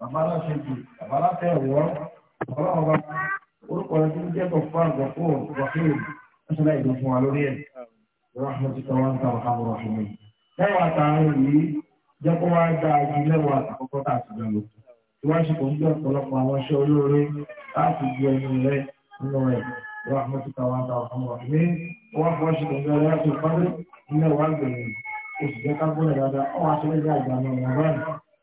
bàbá aláṣejù bàbá alátẹ̀wọ́ ọlọ́run bá orúkọ rẹ̀ tó ń jẹ́ bọ̀fọ́ àgbọ̀fọ́ wàkìlì ẹ̀sùn láì dùn fún wa lórí ẹ̀ lọ́wọ́ ti tọ́ wọn táwọn káwọn rọ̀ fún mi. mẹ́wàá tààrin yìí jẹ́ kó wáá dáa ju mẹ́wàá àkọ́kọ́ tá a ti dán lọ. ìwáṣí kò ń jẹ́ ọ̀pọ̀lọpọ̀ ọ̀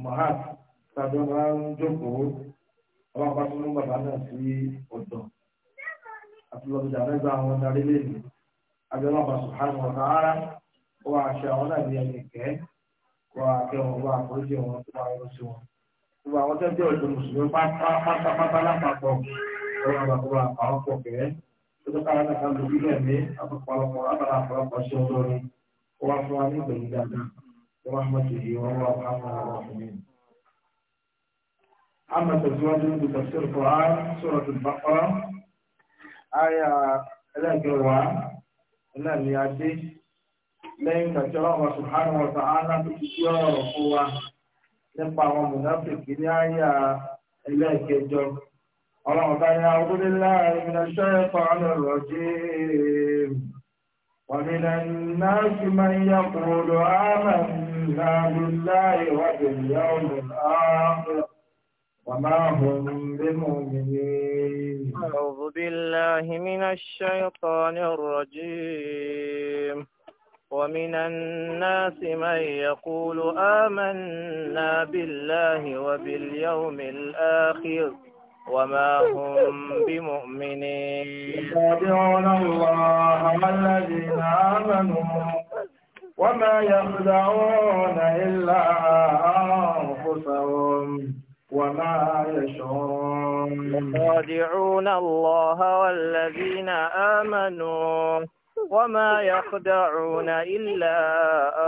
mohat tàbí ọba ń jókòó ọba bá tún mú bàbá náà sí ọ̀dọ̀ àtúlọ́dọ̀dà mẹ́gbà àwọn darí lẹ́nu abẹ́rẹ́ ọba sùhánù ọ̀tá ara wà àṣẹ àwọn náà ní ẹni kẹ́ wà àkẹ́ wọn wà àforíjì wọn tó wà lọ sí wọn. gbogbo àwọn tó ń jẹ́ ọ̀dọ́ mùsùlùmí pátápátá lápapọ̀ ọ̀rọ̀ àgbàkúrò àwọn pọ̀ kẹ́ tó tó kára náà ká lóbi lẹ́mí àpapọ̀ ọ̀pọ̀lọpọ̀ برحمته وهو أرحم الراحمين أما تزواج بتفسير القرآن سورة البقرة آية لا جوا لا لياتي لين كتير الله سبحانه وتعالى بكتير وقوة nípa àwọn mùnáfíkì ní àyà ẹlẹ́ẹ̀kẹjọ ọlọ́run bá ní àwọn ọdún láàrin ní ọjọ́ ẹ̀kọ́ ọlọ́rọ̀ jẹ́ wàmí náà ní náà sì máa ń yàgò lọ́wọ́ àmàlí. آمنا بالله وباليوم الآخر وما هم بمؤمنين أعوذ بالله من الشيطان الرجيم ومن الناس من يقول آمنا بالله وباليوم الآخر وما هم بمؤمنين يتابعون الله والذين آمنوا وما يخدعون إلا أنفسهم وما يشعرون يخادعون الله والذين آمنوا وما يخدعون إلا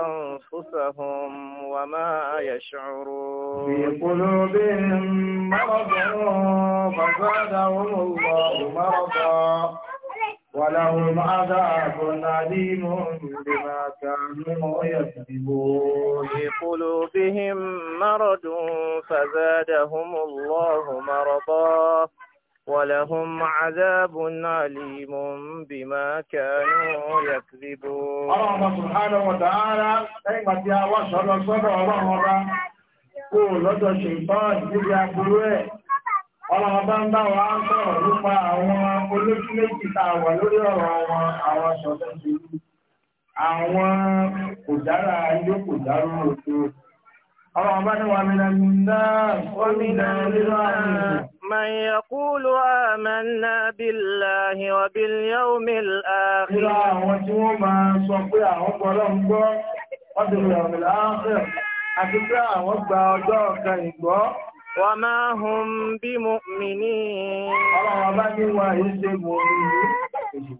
أنفسهم وما يشعرون في قلوبهم مرض فزادهم الله مرضا ولهم عذاب عليم بما كانوا يكذبون في قلوبهم مرض فزادهم الله مرضا ولهم عذاب عليم بما كانوا يكذبون الله سبحانه وتعالى أيما تيا وصل صدر الله قول لدى الشيطان يجي ọlọ́run bá ń bá wa ń sọ̀rọ̀ nípa àwọn olójú méjì tá a wà lórí ọ̀rọ̀ wọn àwọn sọ̀tọ̀ sí i àwọn kò dára ilé kò dárú òdo. ọlọ́run bá ní wa mi náà náà ó ní náà nínú àmì. من يقول آمنا بالله وباليوم الآخر وباليوم الآخر Wa ma hum bi mu'minin. Ọlọ́run bá ní wà ní ṣe mọ̀ ní èṣù.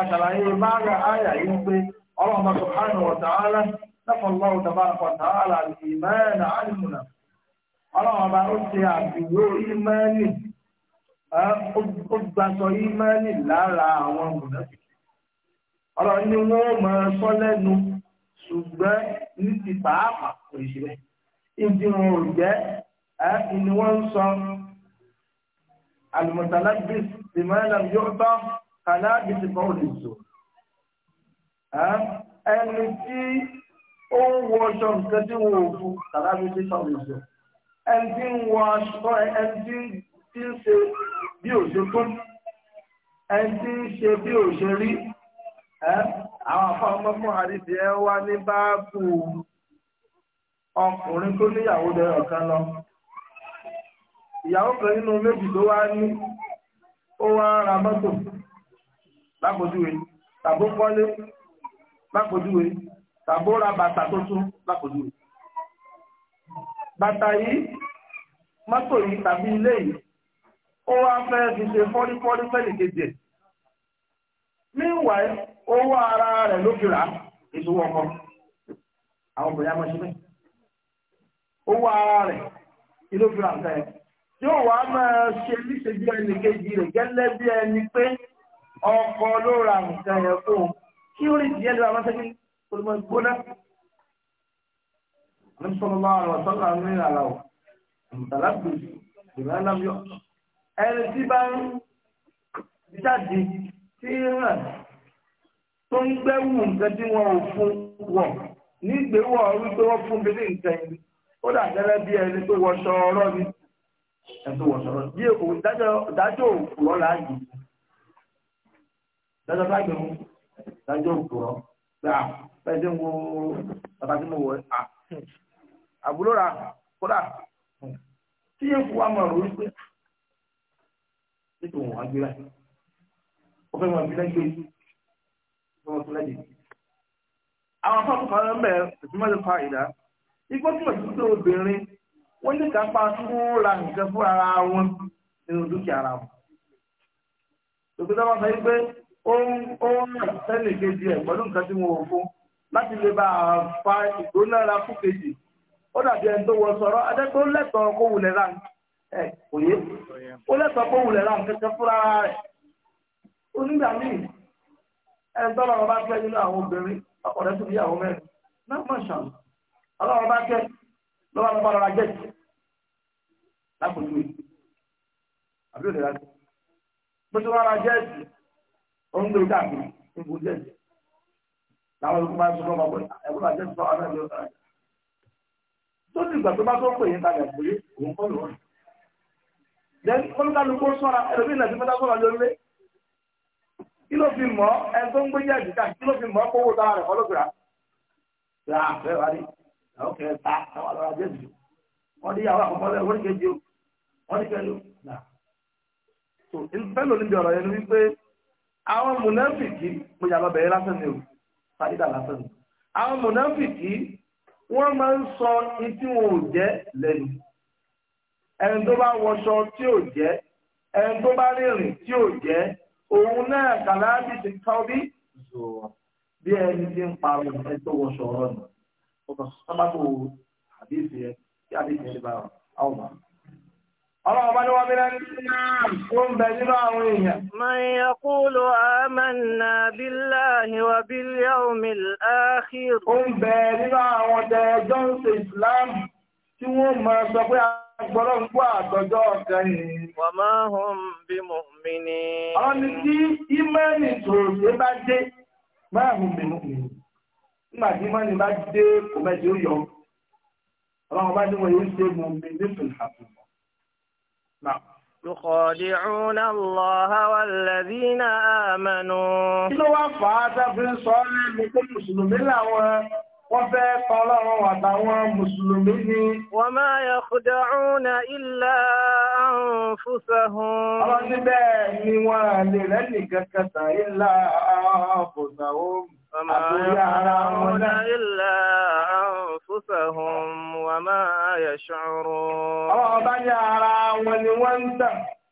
Àṣàlàyé máa rà áyà yìí pé Ọlọ́run subhanahu wa ta'ala Allahu tabaraka wa ta'ala al-iman 'ala al-munaf. Ọlọ́run bá ó ṣe àbíwó ni wọ́n ń sọ almutalabis bimalam yu'ta kalabis bọ́ọ̀lù zò ẹni tí ó ń wọ ọṣọ nǹkan tí wọ́n ò fún kalabis bọ́ọ̀lù zò ẹni tí ń wọ aṣọ ẹni tí ń ṣe bí òṣè tó ẹni tí ń ṣe bí òṣè rí àwọn afọ́mọ́ fún àdìsí ẹ wá ní báàbù ọkùnrin tó níyàwó lẹ́yọ̀ kan lọ ìyàwó kan nínú méjì tó wá ní ó wá ra mọ́tò lápòjúwe tàbó kọ́lé lápòjúwe tàbó ra bàtà tuntun lápòjúwe. bàtà yìí mọ́tò yìí tàbí ilé yìí ó wá fẹ́ fi ṣe fọ́rífọ́rí fẹ́nìkejì ẹ̀. meanwhile owó ara rẹ̀ ló fi rà á ìṣòwò ọkọ àwọn obìnrin amọ̀ṣẹ́ bẹ́ẹ̀ owó ara rẹ̀ kí fi rà nǹkan ẹ̀ yóò wá máa ṣe níṣẹ́jú ẹnì kejì rẹ̀ gẹ́lẹ́ bí ẹni pé ọkọ ló ra nǹkan yẹn fún un kí ó rí ìdíyẹ ló àwọn sẹ́yìn kó ló máa gbóná. àmì sọ́nà bá ọ̀rọ̀ sọ́nà ní ìlànà ò àmùtàlá gbèsè ìlànà náà yọ. ẹni tí bá ń jáde tí ràn tó ń gbẹ́wù nǹkan tí wọ́n ò fún wọ̀ nígbèwọ̀ wípé wọ́n fún mi nǹkan yẹn ó dà bí ẹni tó wọṣọ ọ̀rọ̀ ẹ̀sùn wọ̀ sọ̀rọ̀ bí òun dájọ́ òkúrọ̀ láàyè dájọ́ láàyè mú dájọ́ òkúrọ̀ pé à bẹ́ẹ̀ tí ń wo bàbá tí mo wọ̀ à àbúrò rà kódà tí yẹn fún wa mọ̀ rò wípé nítorí wọn á gbé láì ó fẹ́ wọn fi lẹ́gbẹ̀ẹ́ yìí ó fẹ́ wọn fi lẹ́gbẹ̀ẹ́ yìí. àwọn afọ́fọ́ kan ń bẹ̀ ẹ̀sùn mọ́lẹ́fà ìdá igbó tí mo ti tó obìnrin wọ́n ní kápá tó ra nǹkan fún ara wọn nínú dúkìá ara wọn. Tòkítà wọn sọ pé ó ń rà sẹ́lẹ̀ kejì ẹ̀ pẹ̀lú nǹkan tí mo wò fún láti lè bá a fa ìgbónára fún kejì. Ó dàbí ẹni tó wọ sọ̀rọ̀ adẹ́gbẹ́ ó lẹ́tọ̀ọ́ kó wulẹ̀ rà ẹ̀ òye. Ó lẹ́tọ̀ọ́ kó wulẹ̀ rà kẹ́kẹ́ fúnra rẹ̀. Onígbà míì ẹni tọ́lọ́ ọba fẹ́ nínú àwọn obìnrin ọkọ̀ rẹ̀ tó bí àwọn mẹ́rin náà mọ̀ ṣàn. Ọlọ́run bá kẹ́ lọ́wọ́ lọ́wọ́ lápòjú rẹ̀ àbí òde láti bó ṣe wàá ra jẹ́ẹ̀sì ó ń gbé káàkiri níbo jẹ́ẹ̀sì làwọn olùkọ́ máa ń sọ fún ọmọ ẹ̀kọ́ àjẹsí fún ọmọ ẹ̀jẹ̀ ọ̀sán tó ti gbà tó bá tó ń pè yín kalẹ̀ pé òun kọ́ lọ́wọ́ jẹ́ kọ́lùkálùkọ́ sọ́ra ẹlòmíì náà ti fẹ́ dákọ́ lọ́jọ́ lé kí ló fi mọ́ ẹ tó ń gbé jẹ́ẹ̀sì káàkiri kí ló fi mọ́ kówó dára rẹ̀ kọ́lọ́gbìrà yà fẹ́ wá rí àwọn kẹta àwọn àlọ́ wọ́n ní pẹ̀lú náà. tó pẹ̀lú níbi ọ̀rọ̀ yẹn ni wípé àwọn mùnáfìkì mo lọ bẹ̀rẹ̀ lásán ni o fàdídà lásán ni. àwọn mùnáfìkì wọ́n máa ń sọ ní tí wọn ò jẹ́ lẹ́nu. ẹni tó bá wọṣọ tí ò jẹ́ ẹni tó bá rìnrìn tí ò jẹ́ òun náà kàlábì ti kọ́ bí zòwọ́ bí ẹni tí ń parọ́ ẹni tó wọṣọ ọ̀rọ̀ nù. ọkọ̀ sọ́mọ́tò àbí ìfẹ́ kí àbí ìfẹ́ ṣe bá àwọn ọmọ. Ọlọ́run bá ní wọ́n mílẹ̀ tó ń bẹ nínú àwọn èèyàn. Man yaqulu amanna billahi wa bil yawmil akhir. Ó ń bẹ nínú àwọn tẹ́ẹjọ́ ń ṣe ìsìláàmù tí wọ́n máa sọ pé agbọ́rọ̀ ń gbọ́ àtọ́jọ́ ọ̀kẹ́yìn. Wa ma نعم يخادعون الله والذين آمنوا kí ló wá fà á tẹ́fí sọ ní pé mùsùlùmí làwọn wọ́n fẹ́ tọ́lọ́run àtàwọn mùsùlùmí ni. وما يخدعون إلا أنفسهم. ọlọ́sí bẹ́ẹ̀ ni wọ́n lè rẹ́nì kankan tà ilà àfòsàwọ́ àtòyà ara wọn náà. أنفسهم وما يشعرون أبدا ولي وانت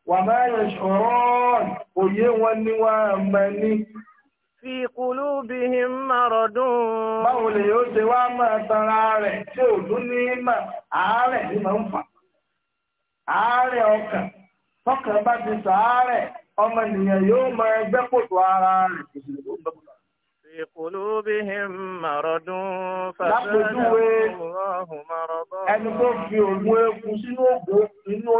وما يشعرون وي ولي وامني في قلوبهم مرض báwo lè yóò ṣe wá máa tanra rẹ̀ tí ò tún ní mà àárẹ̀ ní máa ń fà àárẹ̀ ọkàn tọkàn bá ti sàárẹ̀ ọmọnìyàn yóò máa gbẹ́ kòtò ara rẹ̀ kò sì lè tó ń bẹ́ kòtò. Lápèjúwe ẹni tó fi òun egun Ó fi ògùn sínú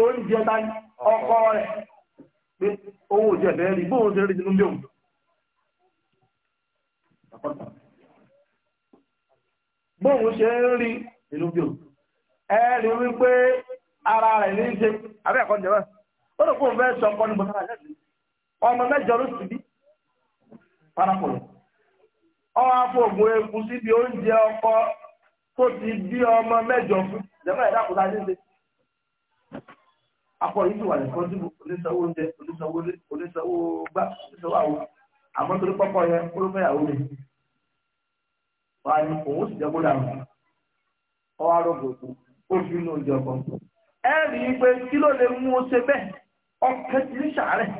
oúnjẹ ọkọ pé owó rí bóun ṣe rí bí òun. Bóun ṣe ń rí bí òun. Ẹ rí wípé ara rẹ̀ ní í ṣe abẹ́ ẹ̀kọ́ ìjọba ó rò pé fẹ́ sọ ọkọ ní bọ́tà àjẹ́ ọmọ mẹ́jọ ló sì bí parakọ̀lọ̀ ọwọ́ síbi oúnjẹ ọkọ tó ti bí ọmọ mẹ́jọ fún ẹ̀dá kò akọ yìí ti wà ní oúnjẹ gbá àwọn àmọ́ torí yẹn ló fẹ́yàwó wà ní òun sì jẹ́ kó ọwọ́ ọkọ. ẹ̀rí pé kí ló lè mú ṣe bẹ́ẹ̀ ọkẹ́ ti ní ṣàárẹ̀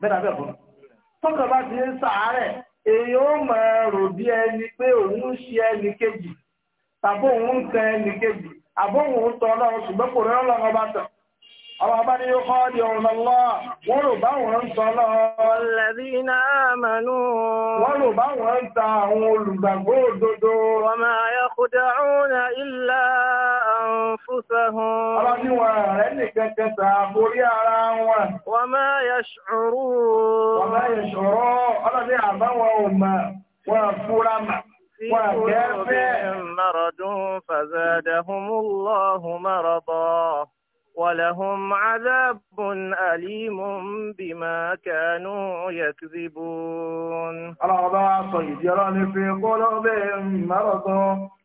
bẹ́ẹ̀ bẹ́ẹ̀ tọ́kọ̀ bá ti ní ṣàárẹ̀ èyí ó mọ̀ rò bí ẹni pé òun ń ṣe ẹnì kejì tàbí òun ń kan ẹnì kejì àbóhùn tọ́ ọlọ́run ṣùgbọ́n kò ọba tán Àwọn abá ni yóò kọ́ di ọ̀rùn lọ́wọ́, wọ́n rò bá wọ́n ń sọ lọ́wọ́. Lẹ̀bí náà mẹ́nu. Wọ́n rò bá wọ́n ń ta àwọn olùgbàgbọ́ òdodo. Wọ́n máa yọ kúdà òun ilá àǹfúsẹ̀hún. Ọlá ní wọn ولهم عذاب أليم بما كانوا يكذبون الأعضاء يراني في قلوبهم مرض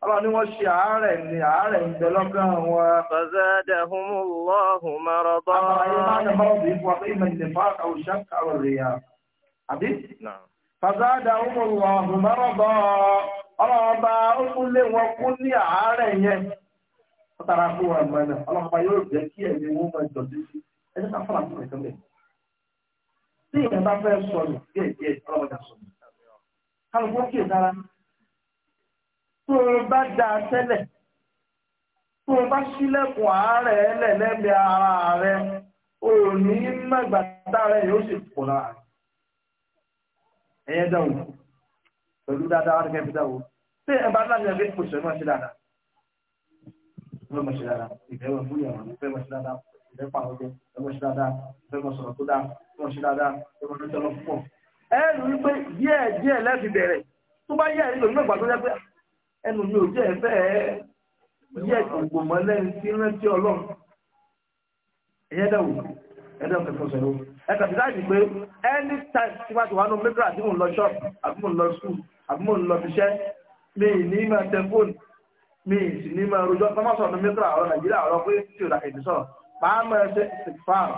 ران عالم النعار بلقاها فزادهم الله مرضا أما مرض وقيم النفاق أو الشك أو الرياء عبيد؟ نعم فزادهم الله مرضا رابع كل وكل عالم tọ́tara kó wọn mọ náà ọlọ́mọba yóò jẹ́ kí ẹ̀mí wọn máa jọ sí sí ẹni ká fọ́nà fún ẹ̀kọ́ bẹ́ẹ̀. tí èèyàn bá fẹ́ sọnù díẹ̀ díẹ̀ ọlọ́mọdé sọnù. kálukú kì í dára tó o bá da tẹ́lẹ̀ tó o bá sílẹ̀kùn àárẹ̀ ẹlẹ́lẹ́bẹ̀ ara rẹ o ní mẹ́gbàdá rẹ yóò sì pọ̀ lára rẹ. ẹ̀yẹ́ dáwọ̀ pẹ̀lú dáadáa wọn kẹ́ fi dáwọ̀ tí ẹ bá dáadáa kẹ́ fi pòṣẹ̀ náà ṣe dáadáa wọ́n mọ̀ ṣe dáadáa ìfẹ́ wọn fún ìyàwó ìfẹ́ wọn ṣe dáadáa ìfẹ́ pa àwọn jẹ ìfẹ́ wọn ṣe dáadáa ìfẹ́ wọn sọ̀rọ̀ tó dáa ìfẹ́ wọn ṣe dáadáa ìfẹ́ wọn ṣe lọ́wọ́ púpọ̀. ẹ rí i pé díẹ̀ díẹ̀ lẹ́ẹ̀fi bẹ̀rẹ̀ tó bá yẹ ẹ̀rí lòun gbàgbọ́ pé ẹnu mi ò jẹ́ ẹ fẹ́ yẹ ìgbòmọ̀ lẹ́yìn tí rántí ọlọ́run ẹ̀yẹ́ dẹ̀wò ẹ̀dẹ̀ ọ̀fẹ́ fọ́sọ̀ yóò ẹ̀ka mi sì ní máa rojọ́ máa sọ̀rọ̀ mẹ́tọ́ àwọn nàìjíríà ọ̀rọ̀ pé tí ò dà kẹ̀kẹ́ sọ̀rọ̀ máa máa ṣe ìsìfàr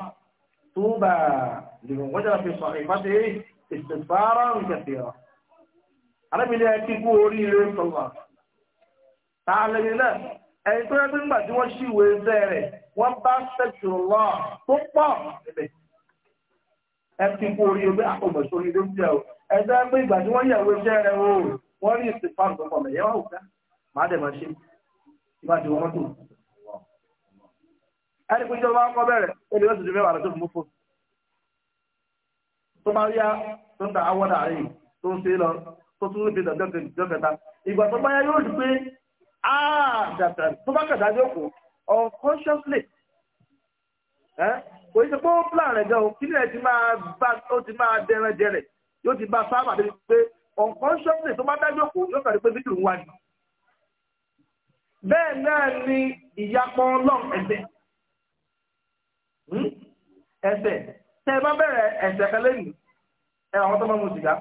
tó bá lèmọ̀ wọ́n jára fi sọ ìfàṣe ìsìfàrọ̀ nkẹ̀kẹ̀ rọ̀. arábìnrin ẹ kíkú orí ilé sọ̀rọ̀ ta lẹ́yìn náà ẹni tó yẹ pé nígbà tí wọ́n ṣì wé ṣẹ́ rẹ̀ wọ́n bá ṣẹ̀ṣù lọ tó pọ̀ níbẹ̀ ẹ máa dẹ̀ máa ṣe ìbá ti wọ mọ́tò. ẹni pé ìjọba kọ́ bẹ̀rẹ̀ ó lè lọ́sọ̀dọ̀ mẹ́wàá lọ́sọ̀dọ̀ mú fún. tó máa yá tó ń ta awọ́dà rẹ̀ tó ń ṣe lọ tó tún lóde ìjọ kẹta ìgbà tó báyá yóò di pé àdàtà tó bá kẹta yóò kó unconsciously kò ní ṣe pé ó plan rẹ̀ gan o kí ni ẹ ti máa dẹrẹ jẹrẹ yóò ti bá sábà débi pé unconsciously tó bá dájọ́ kó yóò fẹ́rẹ̀ pé fídíò ń wá ni bẹ́ẹ̀ náà ni ìyapọ̀ ọlọ́run ẹ̀ṣẹ̀ hmm? ẹ̀ṣẹ̀ tẹ́ ẹ bá bẹ̀rẹ̀ ẹ̀ṣẹ̀ kan lẹ́nu ẹ àwọn tó máa mu sìgá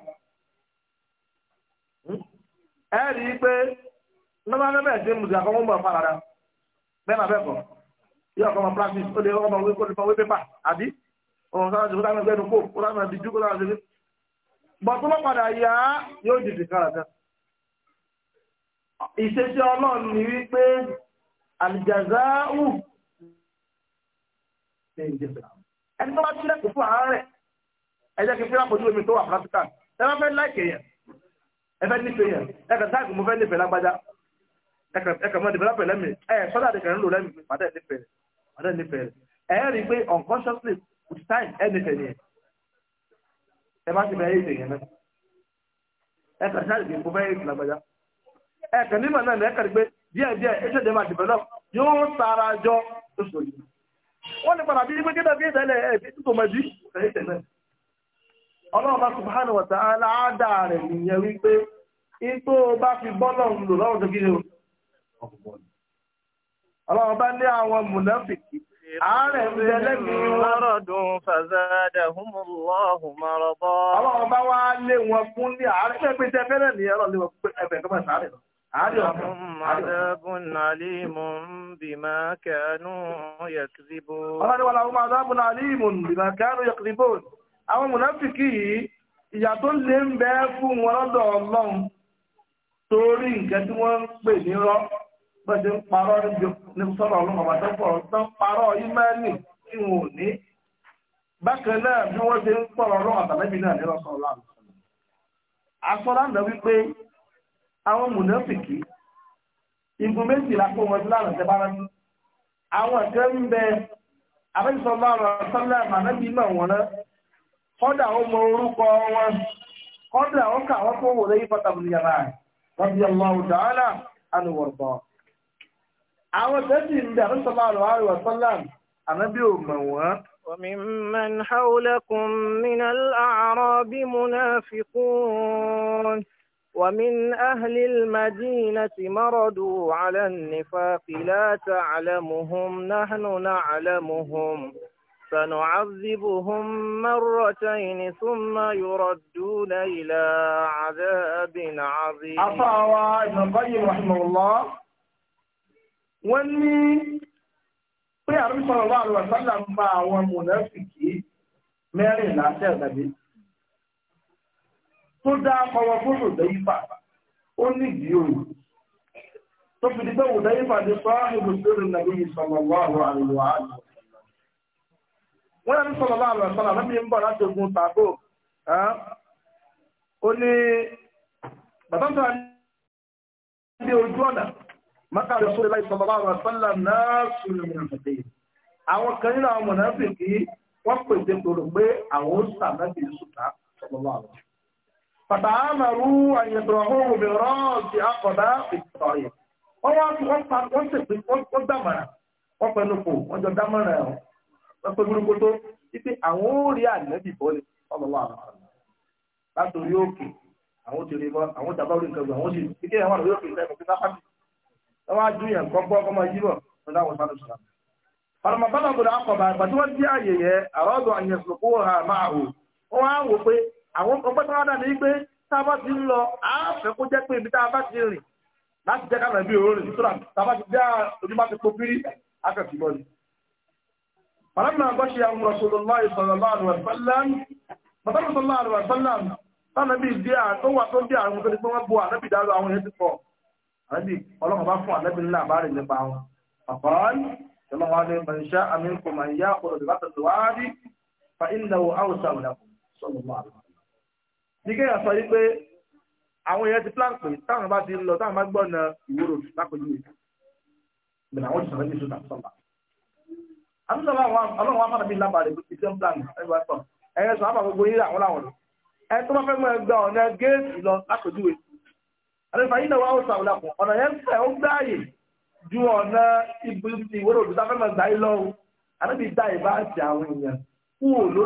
hmm? ẹ rí i pé nígbà tó bẹ̀rẹ̀ sí mu sìgá kan wọ́n mọ̀ fara rẹ bẹ́ẹ̀ náà bẹ́ẹ̀ kọ́ yóò kọ́ ọmọ practice ó lè kọ́ ọmọ wípé kó wípé pa àbí òun sára ṣe kó sára ṣe kó sára ṣe kó sára ṣe kó sára ṣe kó bọ̀tún lọ́padà yá yóò dìde kára kan ìṣesí ọlọ́run ni wípé àlìjàzáù ẹni tó bá sílẹ̀ kò fún àárẹ̀ ẹ jẹ́ kí fúnra kò ní omi tó wà pàtàkì ẹ bá fẹ́ láìkè yẹn ẹ fẹ́ nífẹ̀ẹ́ yẹn ẹ kàn táàgì mo fẹ́ nífẹ̀ẹ́ lágbájá ẹ kàn mọ́ nífẹ̀ẹ́ lápẹ̀ lẹ́mì ẹ sọ́dà àdìkẹ́ ńlò lẹ́mì pàdé nífẹ̀ẹ́ pàdé nífẹ̀ẹ́ ẹ rí i pé unconsciously with time ẹ nífẹ̀ẹ́ ni ẹ bá ti fẹ́ ẹ yé ìṣèyẹn náà ẹ kàn táàgì fẹ́ nífẹ̀ẹ́ lágbájá ẹ̀kàn n'ime na ní ẹ̀kàn pé díẹ̀ díẹ̀ ẹ̀ṣẹ̀ dé máa develop yóò sára jọ oṣù yìí wọ́n ní padà bí i kí ìtẹ́lẹ̀ tó ẹ̀yìn tẹ̀lẹ̀ ọlọ́run bá rẹ̀ nìyẹn fi bọ́lọ̀ ń lò tó kí ni o ọlọ́run bá ní àwọn mùnáfìkì àárẹ̀ ń bẹ wọn. fàzádà Ọlọ́run bá wá lé wọn fún ní àárẹ̀ pé pé nìyẹn لهم عذاب عليم بما كانوا يكذبون ọlọ́run wà láwọn عذاب عليم بما كانوا يكذبون àwọn mùnáfíkì yìí ìyà tó lè ń bẹ fún wọn lọ́dọ̀ ọlọ́run torí nǹkan tí wọ́n ń pè ní rọ́ bẹ́ẹ̀ ń parọ́ ní sọ́rọ̀ ọlọ́run ọba tó pọ̀ tó ń parọ́ ìmẹ́lì tí wọn ò ní bákan náà bí wọ́n ṣe ń pọ̀rọ̀ ọlọ́run àtàlẹ́bí náà ní lọ́sọ̀rọ̀ láàrín àwọn mùnàfìkì igun méjìlá kó wọn lánà tẹ bá rántí àwọn ẹ̀kẹ́ ń bẹ abẹ́sọ̀lá ọ̀rọ̀ sọ́lá mànábì náà wọn náà kọ́dà ó mọ orúkọ wọn kọ́dà ó kà wọ́n kó wò lẹ́yìn pàtàkì yàrá wọ́n fi ọmọ ọ̀dàálà ànúwọ̀rọ̀ àwọn tẹ́sí ń bẹ abẹ́sọ̀lá ọ̀rọ̀ sọ́lá ànábì ò mọ̀ wọ́n. وممن حولكم من الأعراب منافقون ومن أهل المدينة مردوا على النفاق لا تعلمهم نحن نعلمهم سنعذبهم مرتين ثم يردون إلى عذاب عظيم أفاوى ابن القيم رحمه الله واللي في صلى الله عليه وسلم مع منافقي ماري لا تعلمين tó dá ọmọ fún òdẹ́yífà ó nídìí òun tó fi di pé òdẹ́yífà di sọ́ọ́hìbù sórí nàbí sallallahu alaihi wa àwọn kan nínú àwọn wọ́n pèsè pé àwọn ó fàtàámàrú àyẹ̀dọ̀hún mìírànjì àkọ̀dá ìtọ̀yẹ̀. wọ́n wá fi wọ́n pa wọ́n sì pé wọ́n dámọ̀ràn wọ́n pẹ̀lú kò wọ́n jọ dámọ̀ràn ẹ̀ wọ́n pẹ̀ gbogbo tó títí àwọn ó rí ànábì bọ́lẹ̀ ọlọ́wọ́ àwọn àná. látòrí òkè àwọn ti rí àwọn tàbá orí nǹkan gbọ́ àwọn sì kí àwọn àlọ́ akọ̀bà ìgbà wọ́n dí àyè yẹn àrọ́dọ̀ àyẹ̀sùn kó hà máa hù. wọ́n á wò pé àwọn ọgbẹ́ tí wọ́n dà ní pé tá a bá ti ń lọ á fẹ́ kó jẹ́ pé ibi tá a bá ti rìn láti jẹ́ káàmì ẹbí òórùn nítorí tá a bá ti dé ojú bá ti po pírí akẹ́kọ̀ọ́ mọ́ ni. Fàlámì àgbọ́ṣe àwọn Rasulullahi sallallahu alaihi wa sallam. Bàbá sallallahu alaihi wa sallam tánà bí ìdí àtọ́wà tó dé àrùn tó ní pé wọ́n bo ànábì dáró àwọn èèyàn ti pọ̀. Ànábì ọlọ́run bá fa ìnáwó àwòsàn ní kéèyàn sọ yí pé àwọn èèyàn ti plan pé táwọn bá ti lọ táwọn bá gbọ́ na ìwúrò lápẹjú mi bẹ̀rẹ̀ àwọn ìṣòro ní ìṣòro àtúnṣọ́lá àtúnṣe ọlọ́run wa fàdà bíi lábàá rẹ̀ ti jẹun plan ẹgbẹ́ ẹ̀tọ́ ẹ̀yẹ sọ àbàgbọ́ gbogbo yíra àwọn làwọn ẹ̀ tó bá fẹ́ mọ ẹgbẹ́ ọ̀nà géètì lọ lápẹjúwe àlefà yìí náà wà ó sàwùlà kù ọ̀nà yẹn fẹ́ ó gbáàyè ju ọ̀nà ìwúrò òdùdá fẹ́ mọ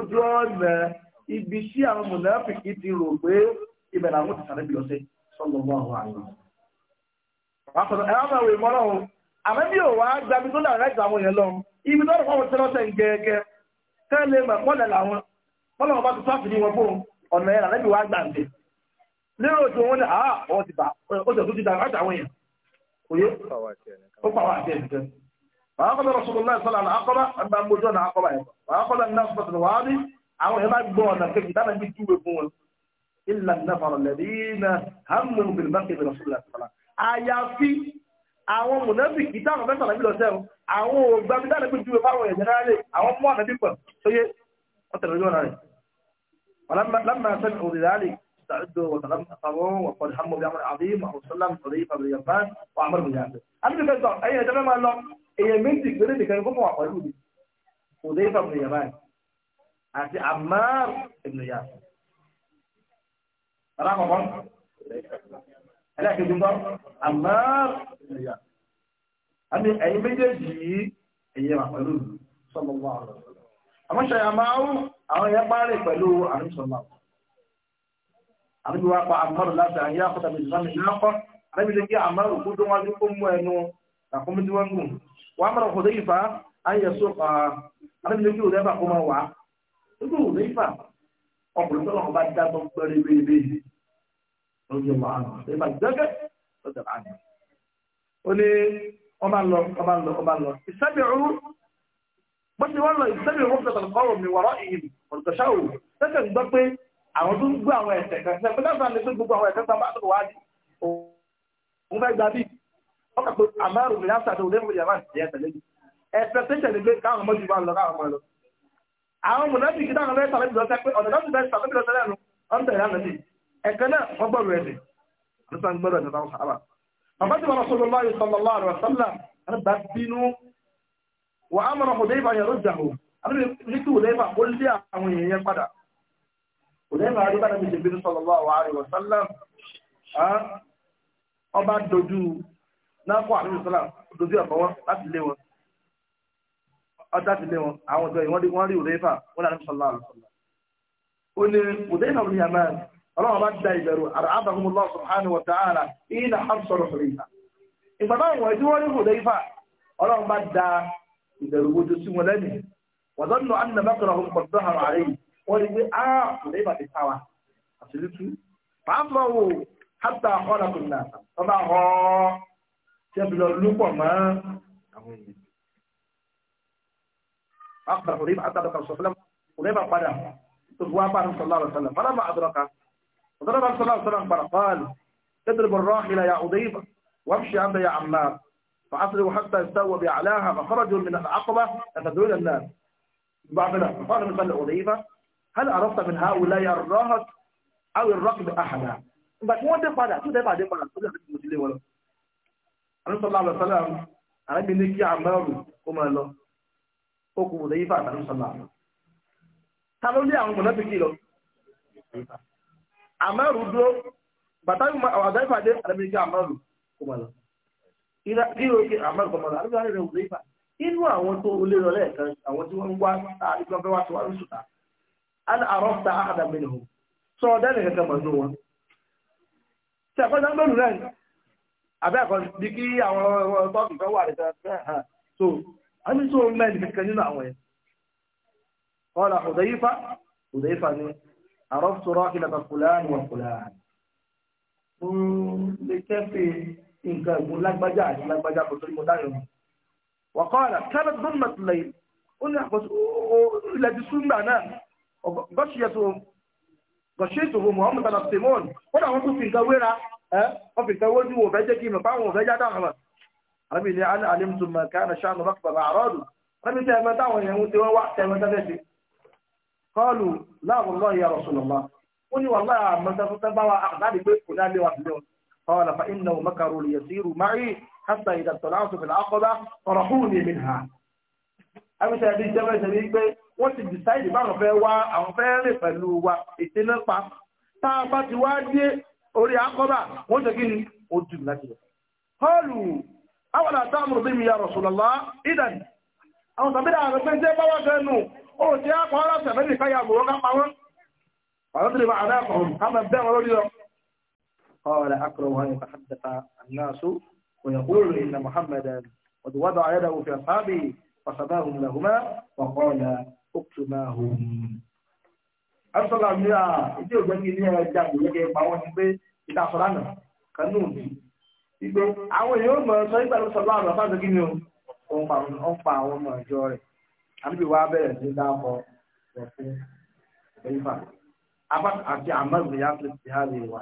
gbáyé ibi tí àwọn mùnàfíkì ti rò pé ibẹ̀ làwọn ti sàrẹ́bí ọ̀sẹ̀ sọ́lọ́wọ́ àwọn àyè. Wàásọ̀rọ̀ ẹ̀rọ àwọn ìmọ̀ náà àmọ́ bí ò wá gbabi tó dàrẹ́ ju àwọn èèyàn lọ ibi tó rọ̀ wọ́n ti rọ́ṣẹ̀ gẹ́gẹ́ kẹ́ lè làwọn pọ́lẹ̀ wọn bá ti sáfì àwọn yẹn bá gbọ́ ọ̀nà kejì táwọn ẹbí júwe fún wọn ilà nàfàrọ̀ lẹ́bí iná hàmù bìlìmọ́kì bìlọ̀ fúnlẹ̀ sọ̀rọ̀ àyàfi àwọn mùnàfíkì táwọn mẹ́ta nàbí lọ sẹ́wọ̀n àwọn ògbàmí táwọn ẹbí júwe fáwọn ẹ̀jẹ̀ náà lè àwọn mú ọ̀nà bípọ̀ sóyè ọ̀tẹ̀ lójú ọ̀nà rẹ̀ ولما سمعوا بذلك استعدوا وتلمحوا وقد هموا بأمر عظيم وسلم طريقا باليابان وعمر بن أنا بقول أي تمام الله هي من تكبير اللي كان يقوم وعقلوني. وضيفة بن àti Ammar ibn Yasir. alákọ̀ọ́kọ́ ẹlẹ́kẹ̀ẹ́jì ń bọ́ Ammar ibn Yasir. àmì ẹ̀yìn méjèèjì yìí ẹ̀yẹ wà pẹ̀lú sọ́lọ́wọ́ àwọn àmọ́ ṣàyàmáwó àwọn ẹ̀yẹ parí pẹ̀lú àrùn sọ́lọ́wọ́ àbíbi wa pa àmọ́rù láti àyè àkọta bèjì sami lọ́kọ́ àbíbi lè kí àmọ́rù kú tó wá sí kó mú ẹnu àkómi tí wọ́n gùn wọ́n mọ̀rọ̀ kò déyìí fa ayé sọ́kà àbíbi lè kí òdẹ́fà kó máa wà á nígbà wò léyìí fà ọkùnrin tó lọ́wọ́ bá dá tó pẹ́rẹ́ bẹ́ẹ̀bẹ́ẹ̀ lójú ọmọ àná léyìí gẹ́gẹ́ lọ́jọ́ àná. ó ní ọba lọ ọba lọ ọba lọ ìsẹ́bì ọ̀rú bó ti wọ́n lọ ìsẹ́bì ọ̀rú pẹ̀lú ọ̀rọ̀ mi wọ̀rọ̀ ìyìn ọ̀dọ̀ṣà òru tẹ́tẹ̀ ń gbọ́ pé àwọn tó ń gbọ́ àwọn ẹ̀sẹ̀ kan sẹ́pẹ́ lọ́sàn-án ni gbogbo àwọn ẹ̀sẹ̀ kan bá tó wá àwọn mọ̀nàbí kí táwọn mẹ́ta lẹ́bi lọ́sẹ̀ pé ọ̀nà láti bẹ́ẹ̀ sàbẹ́bí lọ́sẹ̀ lẹ́nu ọ̀n tẹ̀lé ànàbí ẹ̀kan náà wọ́n gbọ́dọ̀ ẹ̀sìn lọ́sẹ̀ ń gbọ́dọ̀ ẹ̀sìn sábà. bàbá tí wọn sọ lọ́wọ́ yìí sọ̀rọ̀ lọ́wọ́ àrùn sọ́lá àrùbá bínú wà á mọ̀nà òde ìbá yẹn rọ́jà o àrùbí nítorí òde ìbá ó àrùbí bá ọjà ti lé wọn àwọn ọjọ́ ìwọ́n wọ́n rí òdèfà wọ́n náà ní sọ́lá àlùsọ́lá. ó ní òdèfà ní yàmá ọlọ́run bá da ìbẹ̀rù àràbàkúnmọ́lá subhanahu wa ta'ala ìlà hàbsọ̀rọ̀ fèrè ìta. ìgbà táwọn hàn àárẹ̀ wọ́n rí pé á أخبر òrìbà حتى sọ̀fẹ́lẹ̀ صلى الله عليه وسلم apá قال sọ̀lá rẹ̀ sọ̀lá fọlá máa àdọ̀kà òtọ́lá bá sọ̀lá sọ̀lá nkpara fáàlì tẹ́tẹ̀rẹ̀ bọ̀ rọ́ọ̀ ìlà yà òdìbà wàmṣì àndà yà فعصروا حتى يستوى بأعلاها فخرجوا من العقبة يتدعون الناس بعضنا فقال من بل عضيبة هل عرفت من هؤلاء الراهط أو الرقب أحدا بس مو ده فدا شو ده فدا فدا شو ده مسلم ولا أنا صلى الله عليه وسلم أنا منك يا عمار وما الله ó kù bùdẹ̀ yífà àtàrí sọ́lá ta ló lé àwọn mọ̀nàfíkì lọ àmẹ́rù dúró bàtà àwọn ìfàdé àdàbíkà àmẹ́rù kò mọ̀ lọ kíro kí àmẹ́rù kò mọ̀ lọ àdàbíkà rẹ̀ bùdẹ̀ yífà inú àwọn tó lé lọ lẹ́ẹ̀kan àwọn tí wọ́n ń wá àdìgbọ́n fẹ́ wá tí wọ́n ń sùtà an àrọ́fta àdàmínú sọ ọ̀dẹ́ nìkan kan mọ̀ nínú wọn tí àkọ́jà ń lónìí rẹ̀ àbẹ́ àkọ́ di kí àwọn tọ́kì fẹ́ wà nìkan so a ní tó mẹ́rin kankan nínú àwọn ẹ̀ kọ́lá Hudayfa Hudayfa ni àrọ́fù rahilata fulan wa fulan lè kẹ́fẹ́ nǹkan ìgbò lágbájá àti lágbájá kò tó ní mo dáyọ̀ mi wà kọ́lá kẹ́lá gómìnà tó lẹ́yìn ó ní àkọsí ilẹ̀ ti súnmà náà gọ́ṣíyàtò àbí ilé alimtuma káàna ṣáàlù mọ́kànlá àrọ́dù àbí tẹ̀mẹ́ táwọn èèyàn ti wọ́n wá tẹ̀mẹ́ tẹ́lẹ̀ sí. kọ́ọ̀lù láàbùlọ́ ìyá rọ̀ṣùlọ́mà ó ní wàhálà àmọ́tẹ́fútẹ́ bá wa àdáàdì pé kò dálé wa sílẹ̀ قال فإنه مكروا ليسيروا معي حتى إذا اطلعت في العقبة طرحوني منها àbí tẹ̀lé ìjẹ́wọ́ ìṣẹ̀lẹ̀ yìí pé wọ́n ti dìsáìdì báwọn fẹ́ wá àwọn fẹ́ rìn pẹ̀lú wa ètè náà pa tá a bá ti wá dé orí akọ́bà wọ́n ṣe kí ni ó dùn láti rẹ̀. họ́ọ̀lù àwọn àtàmùrù bí mi ya Rasulullah ìdàn àwọn tàbídà àwọn pé jẹ́ báwọ́ gẹnu ó ti á pa ọ́rọ̀ tẹ̀mẹ́lì káyà wòró kápá wọn àwọn tó lè máa náà kọ̀ọ̀rùn káàmà bẹ́ wọn lórí lọ ọ̀rẹ́ akọ̀rọ̀ wọn yóò kàdàkà annáṣu ويقول Ìgbé àwọn èèyàn mọ̀ sọ ìgbàlú sọ láàrùn ọ̀fà tó kí ni ó ń pa àwọn ọmọ ìjọ rẹ̀. wa bẹ̀rẹ̀ sí dáàbọ̀ ẹ̀fún ẹ̀fà. Abá àti àmọ́ ìgbìyà tó ti há lè wà.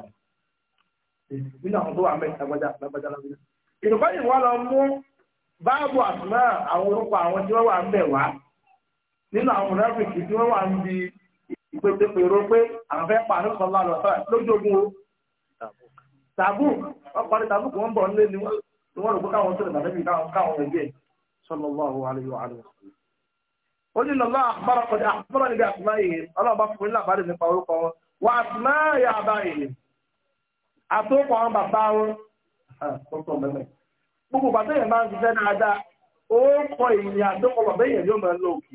Nínú àwọn tó wà mẹ́ ìtagbájá lágbájá lágbájá. yìí wọ́n lọ mú báàbù àtúmọ̀ àwọn orúkọ àwọn tí wọ́n wà ń bẹ̀ wá. Nínú àwọn tí wọ́n wà ń pé àwọn fẹ́ tàbú wọ́n parí tàbú kò wọ́n bọ̀ nílé ni wọ́n rò káwọn sọ̀rọ̀ tàbí káwọn ẹgbẹ́ sallallahu alaihi wa alihi ó ní lọ́lá àkùbára kọjá àkùbára níbi àtìmá yìí ọlọ́run bá nípa orúkọ wọn àtìmá bàbá wọn mẹ́mẹ́ gbogbo yẹn máa ń ṣiṣẹ́ dáadáa ó kọ ìyìn bàbá yẹn yóò máa ń lọ òkè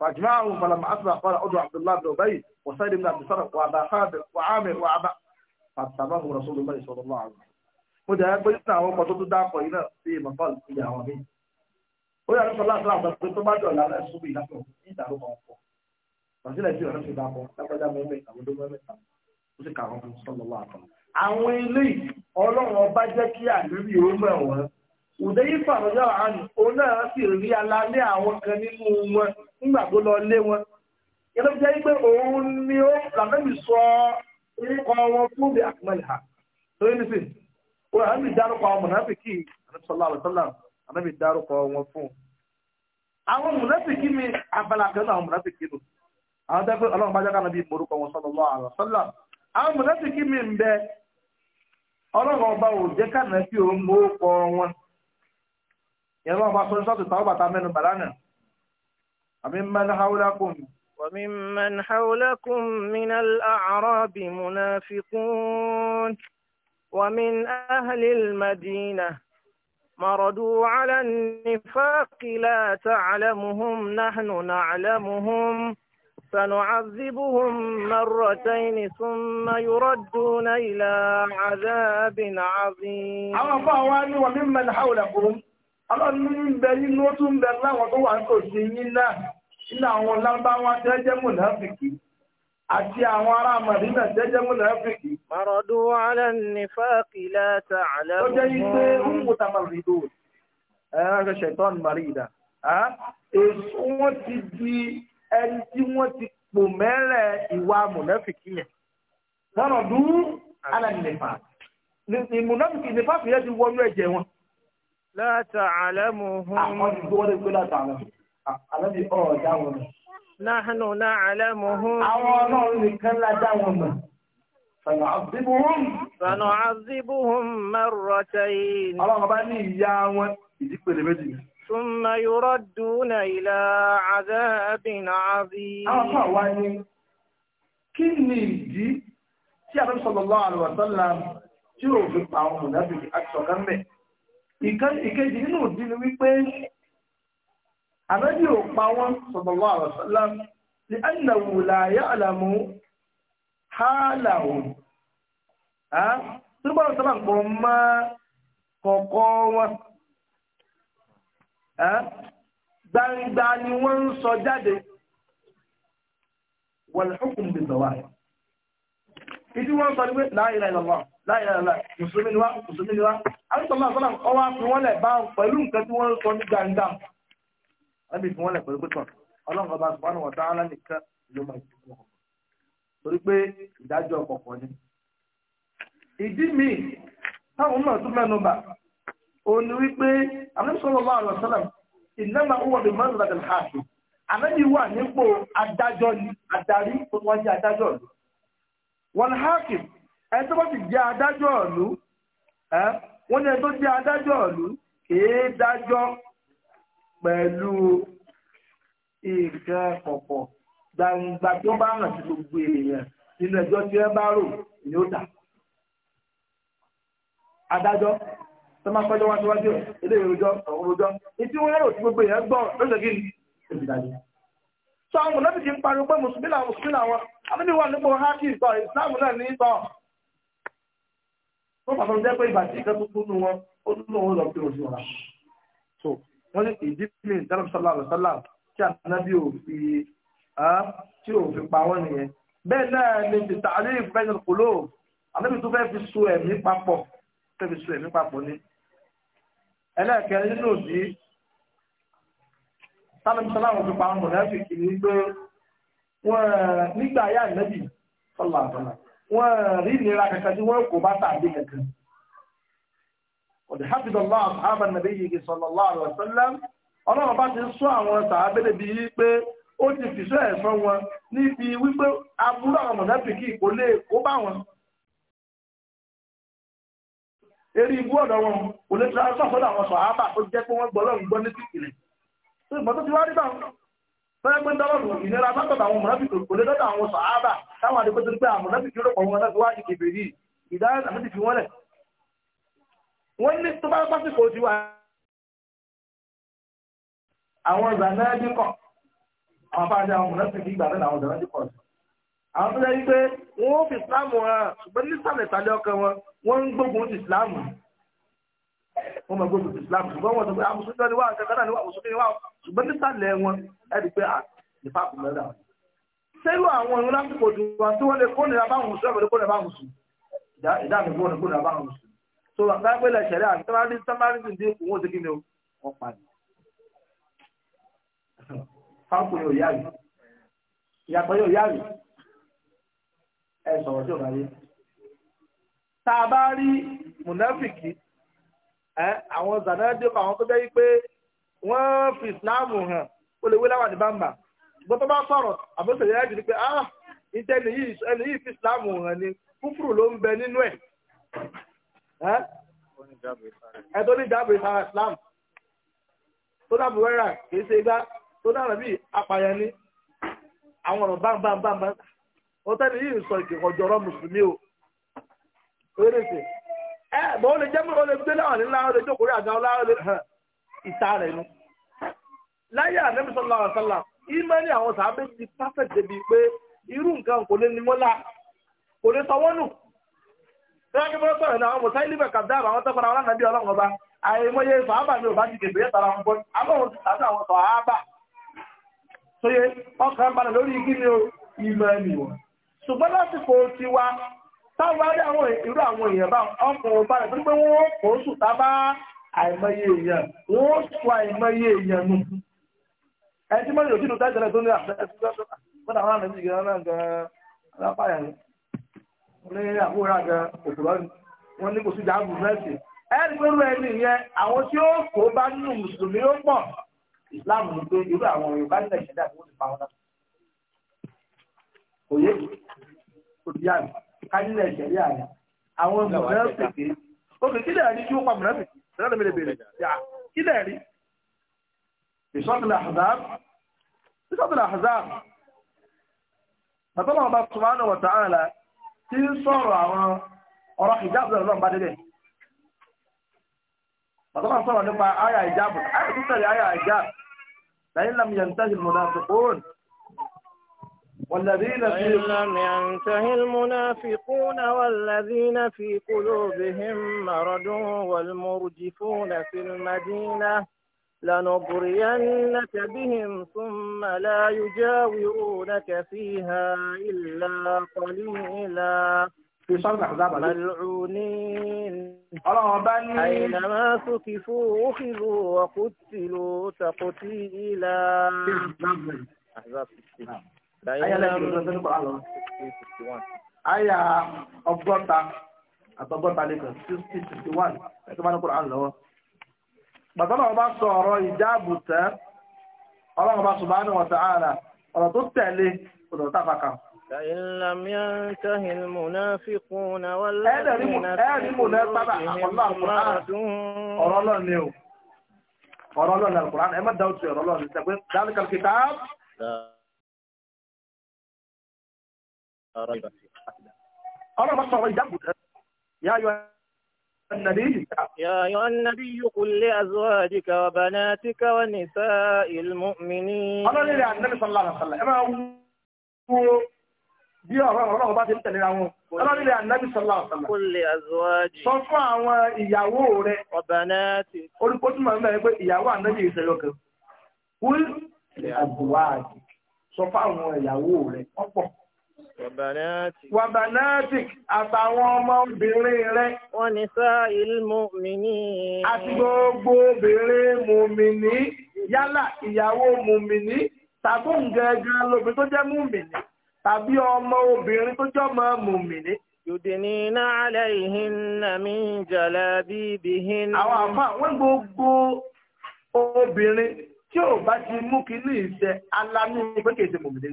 فاجمعهم فلما اصبح قال ادعو عبد الله بن ابي وسيد بن عبد الصرف وابا خابر وعامر وابا فاتبعه رسول الله صلى الله عليه وسلم وده يقول لنا هو مطلوب دافع في مقال ùdẹ́yìn fàrọ̀yà àánú òun náà sì rí alálẹ́ àwọn kan nínú wọn nígbà tó lọ lé wọn yẹn jẹ́ pé òun ni ó làbẹ́bí sọ orúkọ wọn fún bí àkùnmẹ́lẹ̀ torí nísìn ó rà níbi dárúkọ àwọn mọ̀nàfíkì àdébísọ́lá àlùsọ́lá dárúkọ wọn fún àwọn mi abala kan náà lò àwọn ọlọ́run morúkọ wọn يلا ما bá sọ sọ́ọ̀tù táwọn bàtà mẹ́nu وممن حولكم من الأعراب منافقون ومن أهل المدينة مردوا على النفاق لا تعلمهم نحن نعلمهم سنعذبهم مرتين ثم يردون إلى عذاب عظيم. ومن وممن حولكم Ọlọ́run ní bẹ nínú ó tún bẹ láwọn tó wà ń tò sí yín náà nínú àwọn lábáwá tí wọ́n jẹ́ mùnàfìkì àti àwọn ará Màdínà tí wọ́n jẹ́ mùnàfìkì. Maradu ala nifaqi la ta'lamu. Ó jẹ́ yí pé ń mú ta màrí ìdó. ṣẹ̀tọ́n màrí ìdá. Èso ti di ẹni tí wọ́n ti pò mẹ́rẹ̀ ìwà mùnàfìkì yẹn láta àlámùhún. àwọn ti gbọ́ lórí pé láta àlámù àlámì ọ̀rọ̀ dá wọn mọ̀. náhánù náà àlámùhún. àwọn ọlọ́run nìkan lá dá wọn mọ̀. فنعذبهم فنعذبهم مرتين الله bá ní ìyà wọn ìdípele méjì ثم يردون إلى عذاب عظيم àwọn kan wá ní kí ni ìdí tí Ànábì sallallahu alaihi wasallam tí ó fi pa àwọn munafiki akso kan bẹ́ẹ̀ ìkéjì nínú òdí ni wípé àbẹ́bí ò pa wọ́n sọ̀bọ̀wọ́ àwọ̀sọ́lá ní ẹ̀nàwò làyá àlàmú hálàwò tó bá sọ́bà ń pọ̀ mọ́ kọ̀ọ̀kọ́ wọn gbangba ni wọ́n ń sọ jáde wọ̀lẹ̀ ọkùnrin bẹ̀rẹ̀ ìdí wọ́n sọ ní pé láàrín ìlànà láyàlá mùsùlùmí ni wá mùsùlùmí ni wá àrísọ̀lá àgbọ́nà ọwọ́ fi wọ́n lẹ̀ bá pẹ̀lú nǹkan tí wọ́n sọ ní gbangba lábì fi wọ́n lẹ̀ pẹ̀lú pẹ̀tọ̀ ọlọ́run ọba subhanahu wa ta'ala nìkan ló máa ti wọ́n torí òní wípé àrísọ̀lá wà lọ sọ́lá ìnáma owó ọdún mọ́tò láti hàṣù ànábì wà nípò adájọ́ ni adarí wọ́n jẹ́ adájọ́ ni wọ́n hákìm ẹni tó bá ti jẹ́ adájọ́ ọ̀lú wọ́n ní ẹni tó jẹ́ adájọ́ ọ̀lú kìí dájọ́ pẹ̀lú nǹkan kọ̀kọ̀ gbangba tó bá hàn sí gbogbo èèyàn nínú ẹjọ́ tí ẹ bá rò ni ó dà adájọ́ tó máa pẹ́jọ́ wá síwájú eléyìí etí gbogbo èèyàn gbọ́ lọ́sẹ̀ kí ni ìdájọ́ sọ àwọn mọ̀lẹ́bí ti ń pariwo pé mùsùlùmí làwọn mùsùlùmí làwọn nípò náà wọ́n pàtó jẹ́ pé ìgbà tí ìkẹ́ tó kúnnú wọn ó dúró wọn lọ pé òsì wọn. so wọ́n ní ìdí mi ìdáná sọ́lá rẹ̀ sọ́lá tí ànábì ò fi tí ò fi pa wọ́n nìyẹn. bẹ́ẹ̀ náà ni tìta àlẹ́ ìfẹ́ni kòló ànábì tó fẹ́ fi so ẹ̀mí papọ̀ fẹ́ fi so ẹ̀mí papọ̀ ni. ẹlẹ́ẹ̀kẹrin nínú òdì sálẹ̀mí sọ́lá wọn fi pa wọn mọ̀ náà fi kì í gbé wọn nígbà ayé ànábì sọ́lá àtọ́lá wọ́n rí ìlera kankan tí wọ́n kò bá tàbí kankan. ọ̀dẹ̀ hafi dọ̀lá àbábà nàbí yìí sallallahu alaihi wasallam ọlọ́run bá ti sọ àwọn sàábẹ́lẹ̀ bí i pé ó ti fìṣọ́ ẹ̀sọ́ wọn níbi wípé aburú àwọn mọ̀nàfíkì kò lè kó bá wọn. eré ibú ọ̀dọ̀ wọn kò lè tún aṣọ àwọn sàábà tó jẹ́ pé wọ́n gbọ́ lọ́run gbọ́ ní tìkìlẹ̀. ìmọ̀tó ti pẹ́pẹ́ dọ́lọ́dù ìnira látọ̀dà àwọn mọ̀lábìkì kò lé lọ́dọ̀ àwọn sàábà táwọn àdékò tó pé àwọn mọ̀lábìkì rọ̀pọ̀ wọn láti wá ìkèbè rí ìdáyà àmì ti fi wọ́n lẹ̀. wọ́n ní tó bá pásìkò ti wà àwọn zanadi kọ̀ àwọn afáàdé àwọn mọ̀lábìkì ìgbà náà àwọn zanadi kọ̀ sí. àwọn tó lẹ́yìn pé wọ́n fi islam wọn ṣùgbọ́n ní sàlẹ̀ sàlẹ̀ ọkàn wọn wọ́n ń gbógun ti islam wọ́n máa gbọ́dọ̀ islam ṣùgbọ́n wọ́n sọ pé àmùsùlùmí ah, ni wà kẹ́kẹ́ náà ni wà àmùsùlùmí ṣùgbọ́n nísàlẹ̀ wọn ẹ̀rí pé ah, nípa kò mẹ́ta. sẹ́rù àwọn ìrún lásìkò dùn wọn tí wọ́n lè kó nira bá wọn ẹ̀rọ kó nira bá wọn ìdá mi wọ́n lè kó nira bá wọn sùn. so àgbáyé lẹ ṣẹlẹ̀ àti tamari tamari ti dín òun ti kíni o wọ́n pa ni. fáńkù yóò àwọn zanadika àwọn tó jẹ́ wípé wọ́n fi ìsìláàmù hàn ó lè wé láwà ní bàmbà tó bá sọ̀rọ̀ àbúṣe yẹn pé ah ìtẹ́ fi ìsìláàmù hàn ni kúfùrù ló ń bẹ nínú ẹ̀ ẹ tó ní ìjábọ̀ ìsara islam tó dábò wẹ́rà kìí ṣe igbá tó bíi ni àwọn ọ̀rọ̀ bámbámbámbá ó tẹ́ni yìí sọ mùsùlùmí o ó ẹ bọ́ ó lè jẹ́ mọ́ ó lè gbé láwọn nílá ó lè jókòó àga ọlá ó lè hàn ìta rẹ̀ nu. láyé ànábì sallallahu alaihi wasallam ìmánì àwọn sàábé ti perfect débi pé irú nǹkan kò lè ní wọ́n la kò lè sọ wọ́n nù. tẹ́lẹ̀kí bọ́ sọ̀rọ̀ náà àwọn mùsáì líbẹ̀ kàdáàbà àwọn tọ́kọ̀rọ̀ àwọn ànábì ọlọ́run ọba àìmọye sàábà mi ò bá ti kèbè yẹ́tara wọn bọ́ àbọ̀wọ̀n ti sàábà àwọn sàábà sóye ọkàn balẹ̀ lórí igi ni ìmánì wọn. ṣùgbọ́n lásìkò tiwa táwọn adé àwọn irú àwọn èèyàn bá ọkùnrin bá rẹ̀ pé wọ́n kò sùn tá bá àìmọye èèyàn wọ́n sọ àìmọye èèyàn nù. ẹni tí mọ́lẹ̀ òjì ló tẹ́ tẹ́lẹ̀ tó ní àfẹ́ fún àwọn àmì ìgbà náà gan-an alápáyà ni wọ́n ní àbúrò gan òkúrọ́ ni wọ́n ní kò sí jáàbù mẹ́sì. ẹni pé irú àwọn tí ó ni pé irú àwọn yorùbá nílẹ̀ ìṣẹ̀dá ìwọ́n ti pa wọn náà. òye òdìyàmì kálílẹ̀ ìṣẹ̀lẹ̀ àyà àwọn mọ̀nàfìkì òkè kílẹ̀ rí kí ó pa mọ̀nàfìkì lọ́dọ̀ mẹ́lẹ̀ bèèrè kílẹ̀ rí ìṣọ́tìlẹ̀ àhàzám bàbá wọn bá tùmánà wọ̀tà àrà tí ń sọ̀rọ̀ àwọn ọ̀rọ̀ ìjáàbù lọ́nà bá délẹ̀ bàbá wọn sọ̀rọ̀ nípa àyà ìjáàbù àyà tó tẹ̀lé àyà ìjáàbù lẹ́yìn làmìyàn tẹ́sí mọ̀nàfìkì والذين في لم ينتهي المنافقون والذين في قلوبهم مرض والمرجفون في المدينة لنبرينك بهم ثم لا يجاورونك فيها إلا قليلا في صلب أحزاب ملعونين أينما سكفوا أخذوا وقتلوا تقتيلا نعم. أحزاب àyà ọgọ́ta àtọgọ́ta lẹ́kàn sixty sixty one ẹ̀ka bá ní kúrò án lọ́wọ́. bàtà náà bá sọ ọ̀rọ̀ ìjáàbù tẹ́ ọlọ́run bá subhanahu wa ta'ala ọ̀rọ̀ tó tẹ̀lé ọ̀dọ̀ tá a fà kàn. فإن لم ينته المنافقون والذين في قلوبهم مرض ọ̀rọ̀ lọ́nà Al-Qur'an ẹ má dáwọ́ sí ọ̀rọ̀ lọ́nà ريب فيه أنا بصر يقول يا أيها النبي يا أيها النبي قل لأزواجك وبناتك ونساء المؤمنين أنا لي عن النبي صلى الله عليه وسلم أنا bí ọ̀rọ̀ ọ̀rọ̀ ọba ti ń tẹ̀lé ra wọn ọlọ́run lè ànábì sallallahu alaihi wasallam. kò lè azwaji. sọ fún àwọn ìyàwó rẹ. ọba náà ti. orúkọ tí màá ń bẹ̀rẹ̀ pé ìyàwó ànábì yìí sẹ́yọ kan. kò lè azwaji. sọ fún àwọn ìyàwó rẹ ọ̀pọ̀. Wàbánáàtìk àtàwọn ọmọ obìnrin rẹ̀. Wọ́n ní sá ìlmù mi ní. Àti gbogbo obìnrin mùmìnì yálà ìyàwó mùmìnì tàbí ǹgẹ̀gẹ̀ lóbi tó jẹ́ mùmìnì tàbí ọmọ obìnrin tó jẹ́ ọmọ mùmìnì. Yudinina alayhinna min jalabibihin. Àwọn àfa wọ́n gbogbo obìnrin tí ò bá ti mú kí ìṣe alámì pé kèsì mùmìnì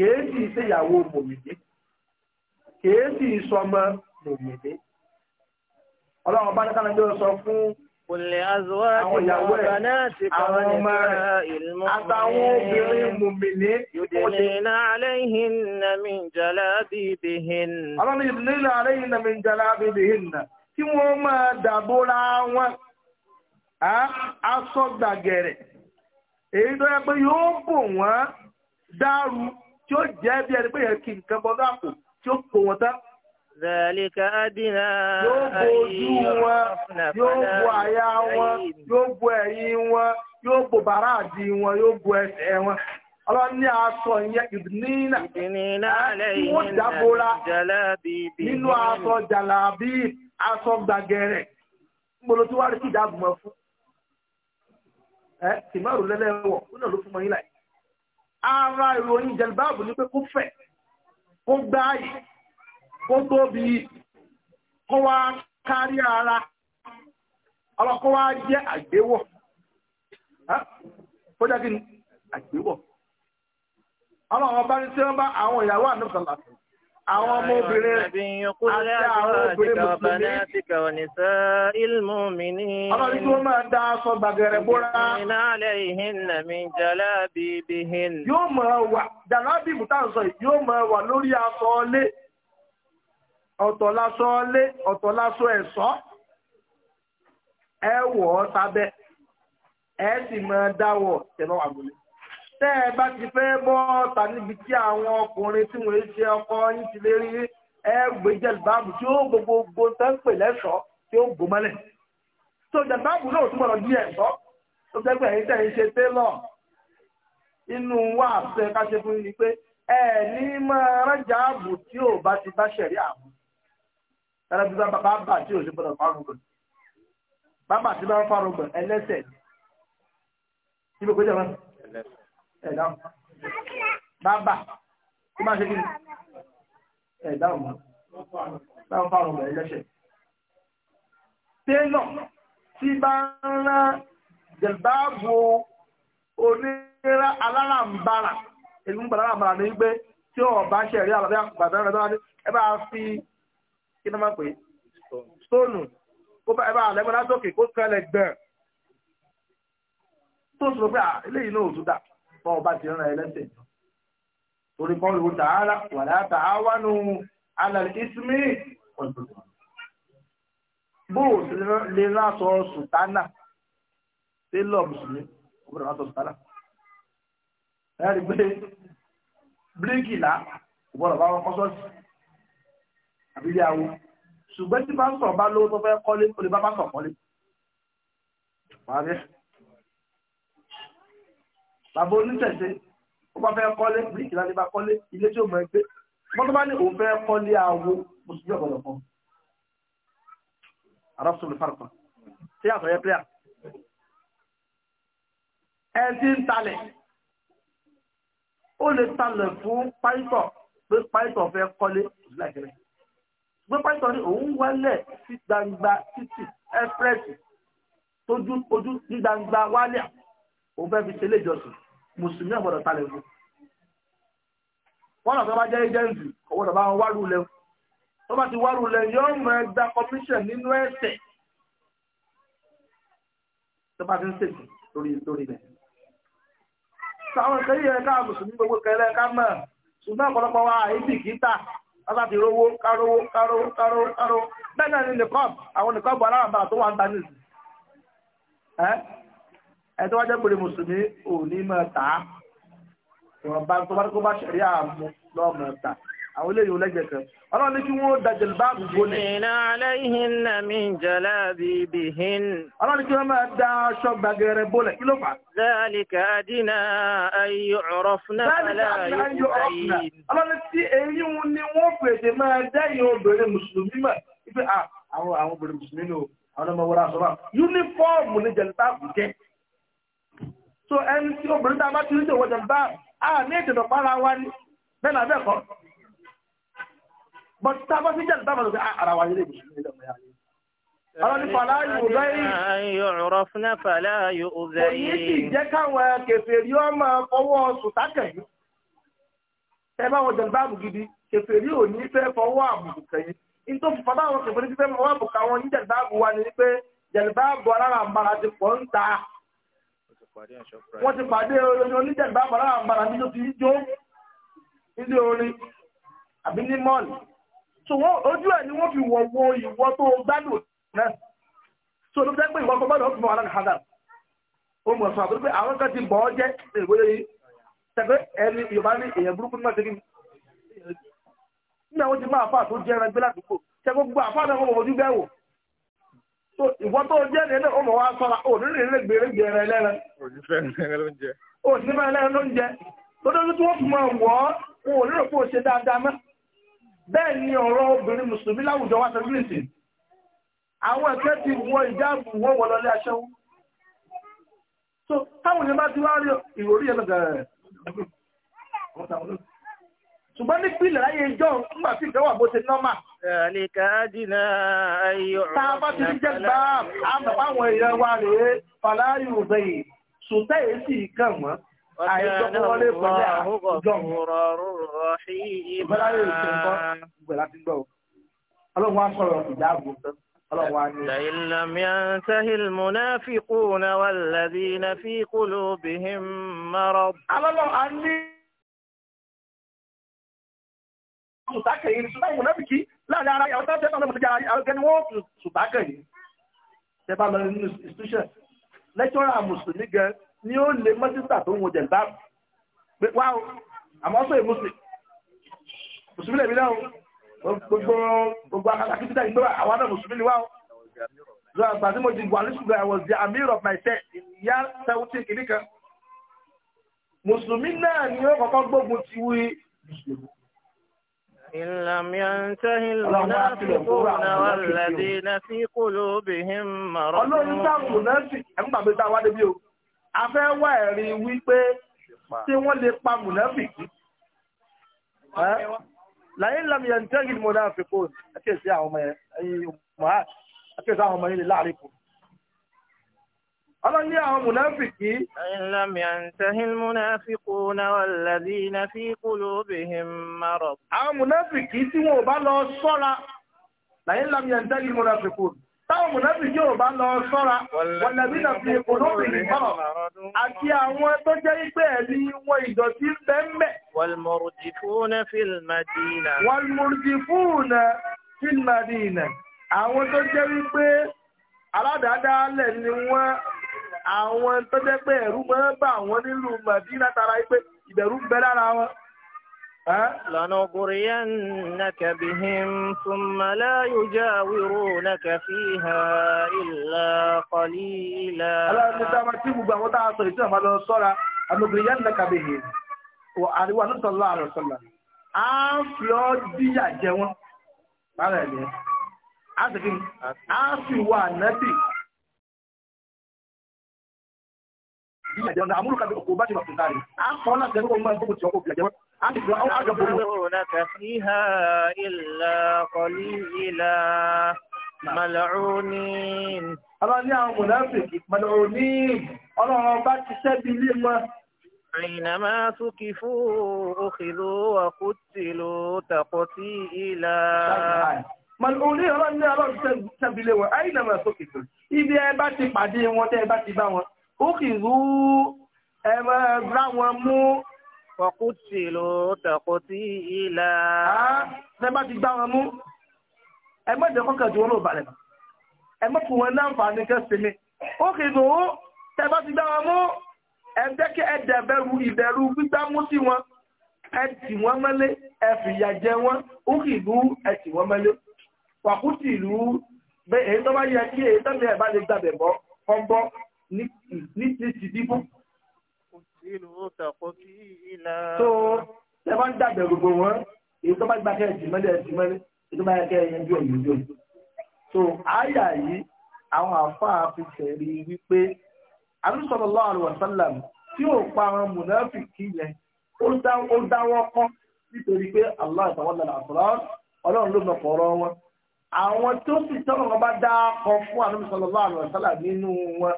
kèésì ṣèyàwó mòmìnì kèésì sọmọ mòmìnì ọlọ́run bá dákàlà ló sọ fún àwọn ìyàwó ẹ̀ àwọn ọmọ rẹ̀ àtàwọn obìnrin mòmìnì yudnina alayhinna min jalabibihinna ọlọ́run yudnina alayhinna kí wọ́n máa dàbóra wọn aṣọ gbàgẹ̀rẹ̀ èyí tó yẹ pé yóò bò wọ́n dáru tí ó jẹ́ bí ẹni pé yẹn nǹkan bọ́ lápò tí ó pò wọ́n tán. Zàlíkà Adìnà ayé ọ̀fúnà padà Ọlọ́run ní aṣọ yẹn ìdìnnínà. Ìdìnnínà alẹ́ yìí Nínú aṣọ jàlábì, aṣọ gbàgẹ̀rẹ̀. Gbolo tí rí sí ìdáàbò fún. Ẹ lẹ́lẹ́wọ̀, ó náà ló fún ara ìròyìn jẹ̀lbáàbù ní pé kó fẹ̀ kó gbáyì kó tóbi kó wá kárí ara ọlọ́kọ́ wá jẹ́ àgbéwọ̀ kó jẹ́ kí ni àgbéwọ̀ ọlọ́wọ́ bá ní tí wọ́n bá àwọn ìyàwó àdúgbò fún àwọn ọmọbìnrin àti àwọn obìnrin mùsùlùmí. ọlọ́run tí wọ́n máa da aṣọ gbàgẹ̀rẹ̀ bóra. yóò máa wà jàlábì mùtàǹsọ yóò máa wà lórí aṣọ ọlé ọ̀tọ̀ lásọ ọlé ọ̀tọ̀ lásọ ẹ̀ṣọ́ ẹ ọ́ sábẹ́ ẹ sì máa dáwọ̀ tẹ̀lọ́ àgbọ̀lẹ̀ tẹ́ ẹ bá ti fẹ́ bọ́ ọ̀tà níbi tí àwọn ọkùnrin tí wọ́n ṣe ọkọ yín ti lè rí ẹ gbé jẹ̀lbáàbù tí ó gbogbogbò tẹ́ ń pè lẹ́ṣọ́ tí ó gbó mọ́lẹ̀. tó jẹ̀lbáàbù náà tún gbọ́dọ̀ di ẹ̀ṣọ́ tó jẹ́ pé ẹ̀yin tẹ̀ ń ṣe télọ̀ inú wa àṣẹ ká ṣe fún ni pé ẹ ní máa rájà ààbò tí ò bá ti bá ṣẹ̀rí ààbò. ẹ̀rọ bí wọ́n bá bà tí ò ṣe gbọ́dọ̀ fárúgbọ̀n bàbà tí wọ́n fárúgbọ̀n ẹlẹ́sẹ̀ ní gbogbo jẹ́ ẹ̀dá bàbà tó bá ṣe kí ẹ̀dá ọ̀mọ́ láwọn fáwọn ọmọ ẹlẹ́ṣẹ̀ tẹ́lọ̀ tí bá ń rán jẹ̀báàbò onírà alárànbarà èyí ń gbà alárànbarà ní wípé tí ọ̀ bá ṣe ẹ̀rí àlàbí àgbàdo rẹ̀ tó wá ní ẹ bá fi kí ni máa pè é stóònù kó bá ẹ bá àlẹ́gbẹ́ látòkè kó kẹlẹ̀ gbẹ̀rẹ̀ tó sọ pé eléyìí náà ò tún dà bọ́ ọba ti rán ẹlẹ́sẹ̀ jọ torí kọ́ ló tààlà wà láta àwánú alàlẹ́ ismi ọ̀dọ̀dọ̀ bó o sì lè rásọ sùtánà tẹ́lọ̀ mùsùlùmí ọgbọ̀dọ̀ rásọ sùtánà ẹ̀rí pé bíríkì là ọgbọ̀dọ̀ bá wọn kọ́ sọ́ọ̀sì àbílẹ̀ awo ṣùgbọ́n tí bá bá lówó tó fẹ́ kọ́lé olè bá bá sọ̀ kọ́lé bàbá onítẹ̀sí ó bá fẹ́ kọ́lé bíríkì láti bá kọ́lé ilé tí ó mọ̀ ẹgbẹ́ wọ́n tó bá ní òun fẹ́ kọ́lé awo mùsùlùmí ọ̀gọ̀dọ̀ kan arọ́sùn fárpa tí àtọ̀ yẹ pé à ẹ ti ń talẹ̀ ó lè talẹ̀ fún pàìtọ̀ pé pàìtọ̀ fẹ́ kọ́lé ìlú àgbẹ̀rẹ̀ pé pàìtọ̀ ní òun wálẹ̀ sí gbangba títì ẹ́fẹ́rẹ́sì tójú ojú ní gbangba wálẹ̀ o fẹ́ fi ṣe léjọsìn mùsùlùmí àgbọ̀dọ̀ talẹ̀ fún wọn lọ́tọ́ bá jẹ́ agent ọ̀gbọ́dọ̀ bá wọn wárú tó bá ti wárú lẹ yóò mọ ẹgbà commission nínú ẹsẹ̀ tó bá ti ń ṣètò lórí lórí rẹ̀ sáwọn ìkẹyìn yẹn ká mùsùlùmí gbogbo kẹlẹ ká mọ̀ ṣùgbọ́n ọ̀pọ̀lọpọ̀ wa àìsí kìíta ti rówó bẹ́ẹ̀ náà ni àwọn tó wà ń ta ẹ̀tọ́ wájẹ́ pèrè mùsùlùmí ò ní máa tà á wọ́n bá tó bá tó bá ṣẹ̀rí àmú lọ́mọ ta àwọn eléyìí lẹ́gbẹ̀ẹ́ kan ọlọ́run ní kí wọ́n da jẹ̀lbáàbù gbólẹ̀. ìnà aláìhìn nà mí jẹ̀lá bíbí hin. ọlọ́run ní kí wọ́n máa da aṣọ gbàgẹ̀rẹ̀ bólẹ̀ kí ló fà. dáàlìkà dínà ayò ọ̀rọ̀fúnà aláàyò sẹ́yìn. ọlọ́run tí èyí ni wọ́n pèsè máa so ẹni tí obìnrin tá a bá ti ń dòwò jẹ̀mbá a ní ìtẹ̀tọ̀ para wa ní bẹ́ẹ̀ náà bẹ́ẹ̀ kọ́ but tá a bá ti jẹ̀mbá bá lọ sí ah, ara wa nílé ìbùsùn nílé ọmọ yàrá Ọlọ́ni fàlá yóò bẹ́yìn. Yọ̀rọ̀ fún náà fàlá yóò bẹ́yìn. Òyìn sì jẹ́ káwọn kèfèrí ọmọ fọwọ́ sùtákẹ̀yìn. Ẹ bá wọn jẹ̀mbá ní fẹ́ fọwọ́ ni pé jẹ̀mbá àbù alára àmàlà ti pọ̀ ń ta wọ́n ti pàdé orin oníjẹ̀gbá pàdé àgbàrá bí tó ti jó ilé orin àbí ní mọ́ọ̀lì so wọ́n ojú ẹ̀ ni wọ́n fi wọ̀ wo ìwọ tó gbádùn náà so ló jẹ́ pé ìwọ tó gbádùn ó fi mọ́ ọ̀rọ̀ nìkan náà ó mọ̀ sọ àbúrú pé àwọn kan ti bọ̀ ọ́ jẹ́ ìwòye yìí tẹ̀pẹ́ ẹni Yorùbá ní èèyàn burúkú ní mọ́tẹ́kì ní àwọn ti máa fà tó jẹ́ ẹran ìwọ́n tó jẹ́ ní ẹ̀dẹ́ ọmọ wa sọ́ra òdúrà ilé gbèrègbè rẹ̀ lẹ́rẹ̀. òṣìṣẹ́ ẹ̀rẹ́ ló ń jẹ. òṣìṣẹ́ ẹ̀rẹ́ ló wọ́n fi máa wọ̀ ọ́ wọn ò pé bẹ́ẹ̀ ni ọ̀rọ̀ obìnrin mùsùlùmí láwùjọ wa sọ gírísì. àwọn ẹ̀kẹ́ ti wọ ìjáàbù wọ́n lọlé aṣẹ́wó. so táwọn èèyàn bá ti wá rí ìròrí ẹ̀ ṣùgbọ́n nípìnlẹ̀ láyé ìjọ nígbà tí ìfẹ́ wà bó ṣe nọ́mà. ẹ̀ẹ́nìkà dínà ayọ̀ ọ̀rọ̀. tá a bá ti rí jẹ́ gbà á mọ̀ báwọn èèyàn wa rèé fàlàyé òbẹ̀ yìí sùtẹ́ èyí sì kàn wọ́n. àìjọkọ̀wọlé pẹ̀lú àjọ ìgbàláyé ìṣẹ̀kọ́ ìgbàlá ti gbọ́. لئن لم ينته المنافقون والذين في قلوبهم مرض sùtákẹ̀ yìí ṣùgbọ́n ìmùnáfíkì láàrin ara yàwó tàbí ẹ̀fọ́n lọ́mọdé àrùkẹ́ ni wọ́n fún sùtákẹ̀ yìí tẹ́bà lọ nínú institution lẹ́tọ́rà mùsùlùmí gan ni ó lè mọ́sítà tó ń wo jẹ̀ bá pé wá o àmọ́ sọ èyí mùsùlùmí mùsùlùmí lèmi náà gbogbo gbogbo akadàkí títà ìgbé wa àwọn náà mùsùlùmí ni wá o lọ àgbà tí mo di wà ní ṣùgbọ́n I was the amir of my set ìyá sẹ́wọ́tì kìnnìkan mùsùlùmí náà ni ó kọ́kọ́ gbógun ti wí mùsùlùmí إن لم ينتهي المنافقون والذين في قلوبهم مرض ọlọ́run táwọn mùnáfíkì ẹ̀ ń gbàgbé tá a wá débi o a fẹ́ wá ẹ̀rí wípé tí wọ́n lè pa mùnáfíkì lẹ́yìn lẹ́mí ẹ̀ ń tẹ́gì mùnáfíkì kò àkíyèsí àwọn ọmọ yẹn ẹ̀yìn mọ́ àkíyèsí àwọn ọmọ yẹn lè láàrin kù ọlọ́ni àwọn mùnáfìkì. ìlànà àǹtẹ̀hìn mùnáfìkù náà wàlàdí iná fi kúló bìhìn márọ̀. àwọn mùnáfìkì tí wọn ò bá lọ sọ́ra làyín làmì àǹtẹ̀hìn mùnáfìkù táwọn mùnáfìkì ò bá lọ sọ́ra wàlàdí iná fi kúló bìhìn márọ̀ àti àwọn tó jẹ́ pé ẹ̀mí wọn ìdọ̀tí bẹ́ẹ̀ wàlmùrùjìfúnà fìlmàdínà. wàlmùrùjìfúnà fìlmàdínà àwọn tó jẹ́ àwọn tó jẹ́ pé ẹ̀rú máa ń bà wọ́n nílùú màdí látara pé ìbẹ̀rù ń bẹ lára wọn. لنغرينك بهم ثم لا يجاورونك فيها إلا قليلا لنغرينك بهم وعليه صلى الله عليه وسلم a fi ọ́ díyà jẹ wọn lára ẹ̀lẹ́ a sì wà nẹ́bì fi ilẹ̀ jẹun àmúlùkà bí kò bá ti wà fún dáre a kọ́ náà tẹ́lú ọmọ ẹgbẹ́ tí ọkọ̀ fi ẹ̀jẹ̀ wọn a ti fi òkèlò àkótèlò tàkọ́tì ìlà. Màlúùrí ọlọ́run ní ọlọ́run tẹ́bílé wọn, àyìnàmá sókè fún. Ibi ẹ bá ti pàdé wọn tẹ́ bá ti bá wọn ó kì í rú ẹ máa gbá wọn mú ọkùtì ló tẹ̀kùtì ìlà. ṣé bá ti gbá wọn mú ẹ má jẹ́ kọ́kẹ́ ju wọn ló balẹ̀ mọ́ ẹ má fún wọn láǹfààní kẹ́sìmí ó kì í rú ṣé bá ti gbá wọn mú ẹ jẹ́ kí ẹ dẹ̀bẹ̀rù ìbẹ̀rù gbígbá mú sí wọn ẹ tì wọ́n mọ́lẹ̀ ẹ fìyà jẹ wọ́n ó kì í rú ẹ tì wàkùtì ìlú bẹ́ẹ̀ èyí tó bá yẹ kí èyí tó ní ti ti dìbò. tó ẹ bá ń dàgbẹ̀ gbogbo wọn èyí tó bá gba kẹ́ ẹ̀jì mọ́lẹ̀ ẹ̀jì mọ́lẹ̀ èyí tó bá yẹ kẹ́ ẹ̀yẹn bí òyìn jò. tó àyà yìí àwọn àfáà fi tẹ̀rí wípé àdúsọ̀lọ́lá àlùwàsálàm tí ò pa àwọn mùnáfìkì yẹn ó dáwọ́ kọ́ nítorí pé Allah ìtàwọ́lá àtúrà ọlọ́run ló mọ̀kọ̀ ọ̀rọ̀ wọn àwọn tó sì tọ́lọ̀ wọn bá dá kọ fún àdúsọ̀lọ́lá àlùwàsálàm nínú wọn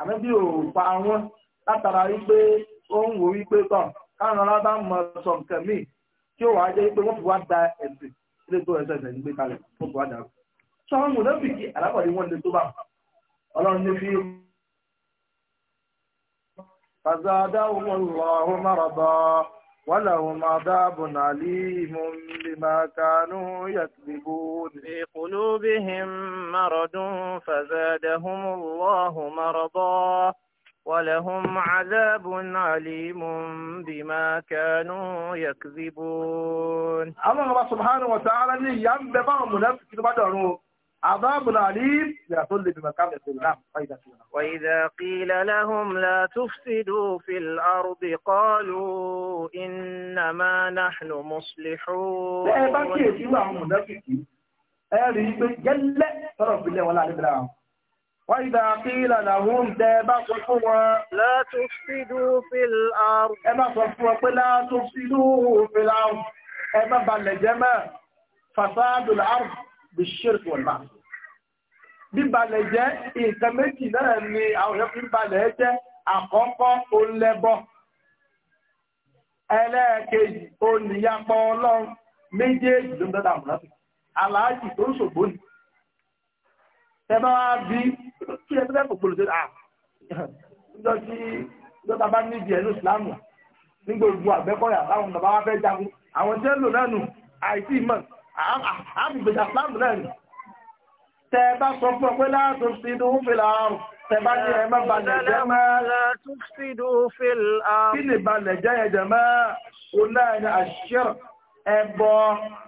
ànábì ò pa wọn látara wípé ó ń wò wípé tán káwọn ọlá mọ sọ nǹkan míì tí ó wàá jẹ́ wípé wọ́n fi wá da ẹ̀sìn ilé tó ẹsẹ̀ ẹ̀sẹ̀ ń gbé kalẹ̀ wọ́n fi wá sọ wọn mú lẹ́bìkì alábọ̀dé wọn lè tó bá ọlọ́run ní fi fàzádà wọn lọ́ọ́ ولهم عذاب عليم بما كانوا يكذبون في قلوبهم مرض فزادهم الله مرضا ولهم عذاب عليم بما كانوا يكذبون الله سبحانه وتعالى ينبغى منافق بدرون عذاب العليم لا تل بمكان الظلام وإذا قيل لهم لا تفسدوا في الأرض قالوا إنما نحن مصلحون وإذا قيل لهم دابا صفوة لا تفسدوا في الأرض أما صفوة لا تفسدوا في الأرض أما بلجما فساد الأرض bí ṣírkù ọ̀la bíbalẹ̀ jẹ́ nǹkan méjì náà ni àwọn èèyàn fi ń balẹ̀ jẹ́ àkọ́kọ́ olẹ́bọ ẹlẹ́ẹ̀kejì olùyapọ̀ ọlọ́run méjèèjì ló ń dọ́dà àmúlá aláàjì tó ń ṣògbó ni ẹ bá wá bí kí ẹ tẹ́lẹ̀ fòpolò tó à lọ sí bá nídìí fẹ́ jagun àwọn tí ń lò náà àìsí ìmọ̀ àbùgbèjà islam náà ni tẹ bá sọ fún ọ pé láàtún sí ìdúró fìlà àrùn tẹ bá ní ẹ má balẹ̀ jẹ́ mọ́ kí ni balẹ̀ jẹ́ yẹn jẹ́ mọ́ onáàrin àṣírò ẹbọ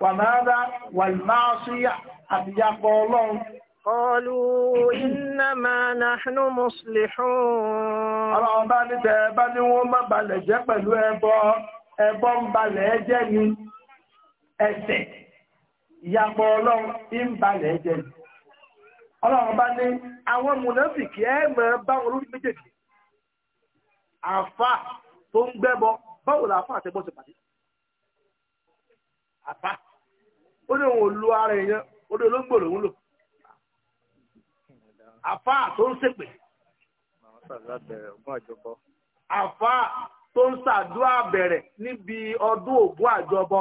wàmáàdá wàlmáàṣíyà àti yàpọ̀ ọlọ́run. قالوا إنما نحن مصلحون Ọlọ́run bá ní tẹ́ bá ní wọ́n má balẹ̀ jẹ́ pẹ̀lú ẹbọ ẹbọ ń balẹ̀ jẹ́ ni ẹ̀ṣẹ̀ ìyàpọ̀ ọlọ́run ìbàlẹ̀ jẹ́ ọlọ́run bá ní àwọn mùnàfìkì ẹ̀ mọ̀ bá wọn lórí méjèèjì àfà tó ń gbẹ́bọ báwo la àfà àtẹ́gbọ́ ṣe pàdé àfà ó ní òun lu ara èèyàn ó ní olóńgbò lòún lò àfà tó ń ṣépè àfà tó ń ṣàdúrà bẹ̀rẹ̀ níbi ọdún ògún àjọbọ.